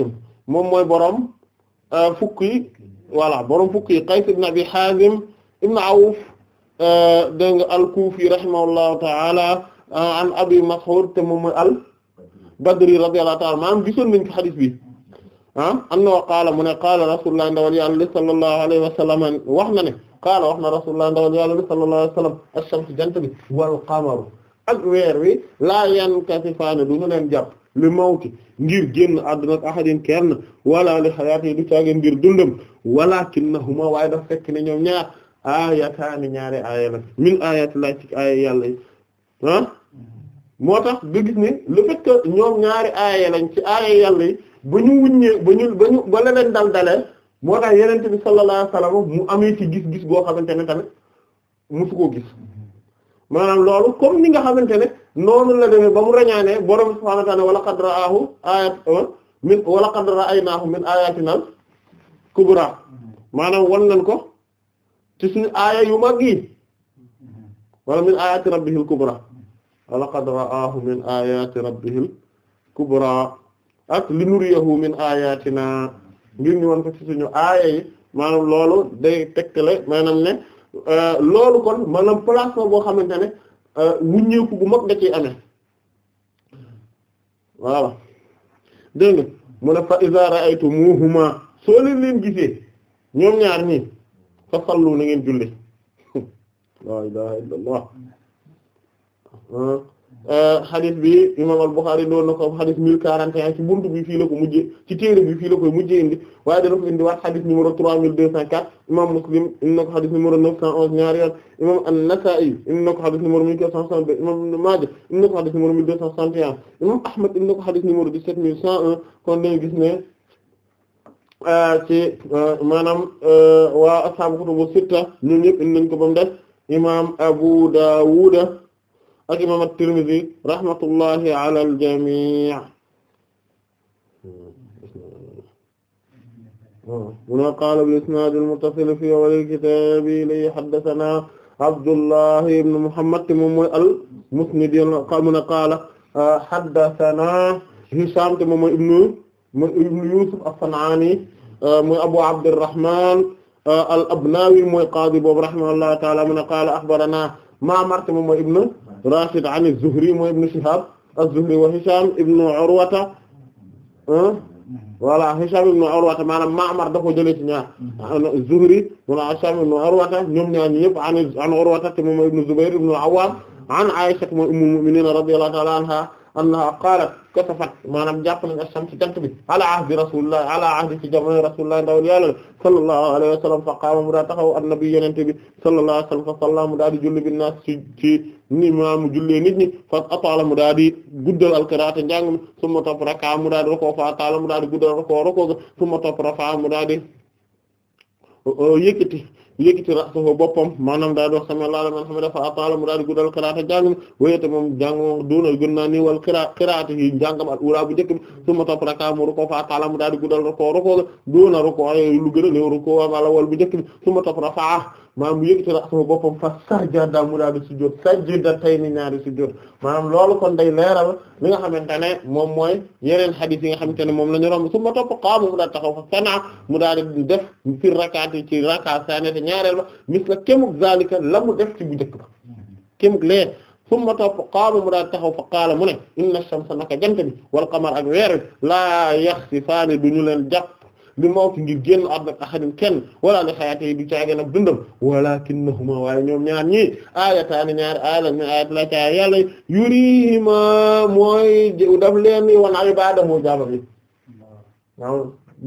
moom mooy borom fukki voilà borom fukki Qays ibn Abi Hazim ibn Awf dégg nga al-Kufi rahimahullahu ta'ala an Abi Mas'ud te moom mooy al-Badri radiyallahu ta'ala maanaam gisoon nañ ko xadis bi ah am na wa qaala mu ne qaala rasulullah ndawal yàlla sallallahu alayhi wa sallam wax na ne qaala wax na rasulullah ndawal yàlla sallallahu alayhi wa sallam ash-shamsu jant bi wal qamaru ak weer wi laa yankasifaani du ñu leen jàpp li mawti ngir génn àdduna ak ahadin kenn wala li xayaati du caage ngir dundam walakinnahuma waaye daf fekk ne ñoom ñaar ayataani ñaari aaya la min ayati la ci aaya yàlla yi ah moo tax da gis ne le fait ñoom ñaari aaya lañ ci aaya yàlla yi ba ñu wuññee ba ñu ba ñu ba moo tax yenente bi sallallahu alayhi wasallam mu amee ci gis-gis goo xamante ne tamit musu koo gis maanaam loolu comme ni nga xamante ne noonu la demee ba mu rañaanee borom subhaanahu wa ta'aala wa laqad ra'aahu aayatan euh, min wa laqad min aayaatinal kubraa maanaam won nañ ko ci suñu aaya yu mag yi wala min aayaati maanaam loolu day tegtale maanaam ne. Euh, loolu kon maanaam place la boo xamante ne euh, wuññeeku bu mag da ciy amee voilà dégg nga mu ne fa iza ra'aytumuhuma soo leen leen gisee ñoom ñaar ñii fa sallu na ngeen julli la ilaha illallah ah. xadis euh, bi imam al-Bukhari doon na ko xadis mille quarante et ci buntu bi fii ko mujjee ci téere bi fii la koy mujjee indi waaye dana ko indi waat xadis numéro trois mille deux cent quatre imam Muslim indi ko xadis numéro neuf cent onze ñaari yoon imam an-Nasa'i indi na ko xadis numéro mille quatre cent soixante-deux imam Ibn Maaja indi na ko xadis numéro ko xadis numéro dix-sept mille cent un kon dañu gis ne euh, ci euh, maanaam waa ashaabu kutubu sitta ñun ñëpp ko ba mu def imam Abu Dawud ak imam at-Tirmidhi rahmatullahi ala al-jami' muna qaala bil-isnaad al-muttasil fii awwalil kitaab li haddathanaa Abdullahi ibn Muhammad moom mooy al-Musnadi muna qaala haddathanaa Hishaam moom mooy ibn Yuusuf as-San'aani mooy Abu Abdirrahmaan al-Abnaawi mooy qaadi boobu rahimahullahu ta'aala muna qaala akhbaranaa Ma'mar moom mooy ibn Rashid an az-Zuhri mooy ibn Shihab az-Zuhri wa Hisham ibn Urwata ah, voilà Hisham ibn Urwata maanaam Ma'mar da ko jëlee ci ñaar az-Zuhri wala Hisham ibn Urwata ñoom ñaar ñëpp an an Urwata te moom ibn Zubayr ibn al-Awwam an Aisha mooy ummul mu'minin radiyallahu ta'ala anha annaha qaalat kasafat maanaam jàpp nañ ash-shams jant bi ala ahdi rasulillah ala ahdi ci jamono rasulillah ndawal yàlla sallallahu alayhi wa sallam fa qaama mu daa taxaw annabi yenente bi sallallahu alayhi wa sallam fa salla mu di julli bin naas ci ni ma mu jullee nit fa ataala mu daa di guddal alqiraata njàng mi summa topp raka mu daa fa ataala mu daa di guddal roko roko ga summa topp rafa mu daa uh, uh, yëkkati rasahu boppam maanaam daa di wax sami Allahu liman hamida fa atala mu daa di guddal qiraata jàng wéyete moom jàng duuna gën naa nii wal qira qiraati yi njàngam al ula bu njëkk bi summa topp raka mu ruko fa atala mu daa di guddal ruko ruko duuna ruko lu gën a néew ruko wala wal bu njëkk bi summa topp maanaam mu yëkkati ra'sahu boppam fa sajada mu daal di sujjóot sajdatayni ñaari sujjóot loolu kon day leeral li nga xamante ne moom mooy yeneen xadiis yi nga xamante ne moom la ñu romb ma topp qaama mu daal taxaw fa sana mu daal di def fi rakaat yi ci rakaat saane te ñaareel ba misla la mu def ci bu njëkk ba kémug lee summa topp qaama mu daal taxaw fa qaala mu ne inna shamsa naka jant bi wal qamar ak weer bi laa yaxsifaani du ñu leen jàpp li mawti ngir génn adna ahadin kenn wala li xayaate du caageen ak dundam walakinnahuma waaye ñoom ñaar ñi aayataani ñaari aaya la mi ayat la ca mooy daf leen wan ibadahu jaabam yi waaw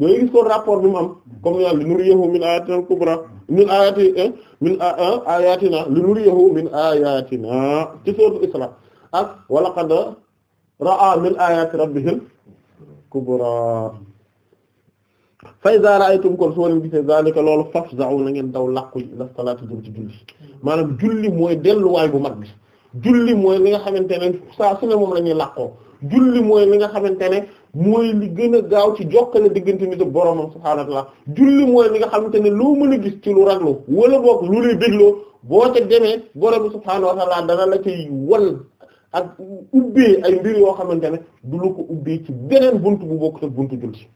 yooyu gis ko rapport bi mu am comme yàlla li nuriyahu min ayatina kubra min ayati eh, min eh, ayatina li min ayatina ci sourate Isra ak wa ra'a min ayati rabbihil kubra fa iza ra'aytum kon soo leen gisee zalika loolu fafza'u na ngeen daw làqu ila salaati jëm ci julli maanaam julli mooy delluwaay bu mag bi julli mooy li nga xamante ne saa su moom la ñuy làqoo julli mooy li nga xamante ne mooy li gën a gaaw ci jokkale diggante nit ak boroomam subhaanahu wa ta'ala julli mooy li nga xamante ne loo mën a gis ci lu raglu wala boog lu lay dégloo boo ca demee borom bi subhaanahu wa ta'ala dana la ci wal ak ubbee ay mbir yoo xamante ne du lu ko ubbee ci beneen buntu bu bokk te buntu julli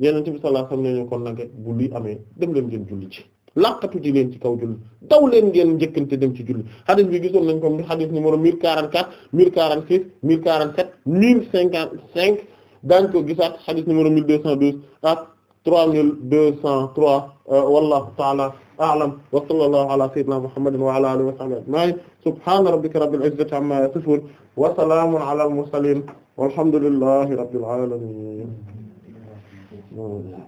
yenente bi sallallahu alayhi wasallam ne ñu kon nag bu lii amee dem leen ngeen julli ci laqatu ji leen ci kaw julli daw leen ngeen njëkkante dem ci julli xadis bi gisoon nañ ko xadis numéro 1044 1046 1047 1055 daañ ko gisaat xadis numéro 1212 ak 3203 euh, wallahu ta'ala a'lam wa sallallahu ala sayyidina muhammadin wa ala alihi wa sahbihi ajma'in subhana rabbika rabbil izzati amma yasifun wa salamun ala al mursalin walhamdulillahi rabbil rasulillah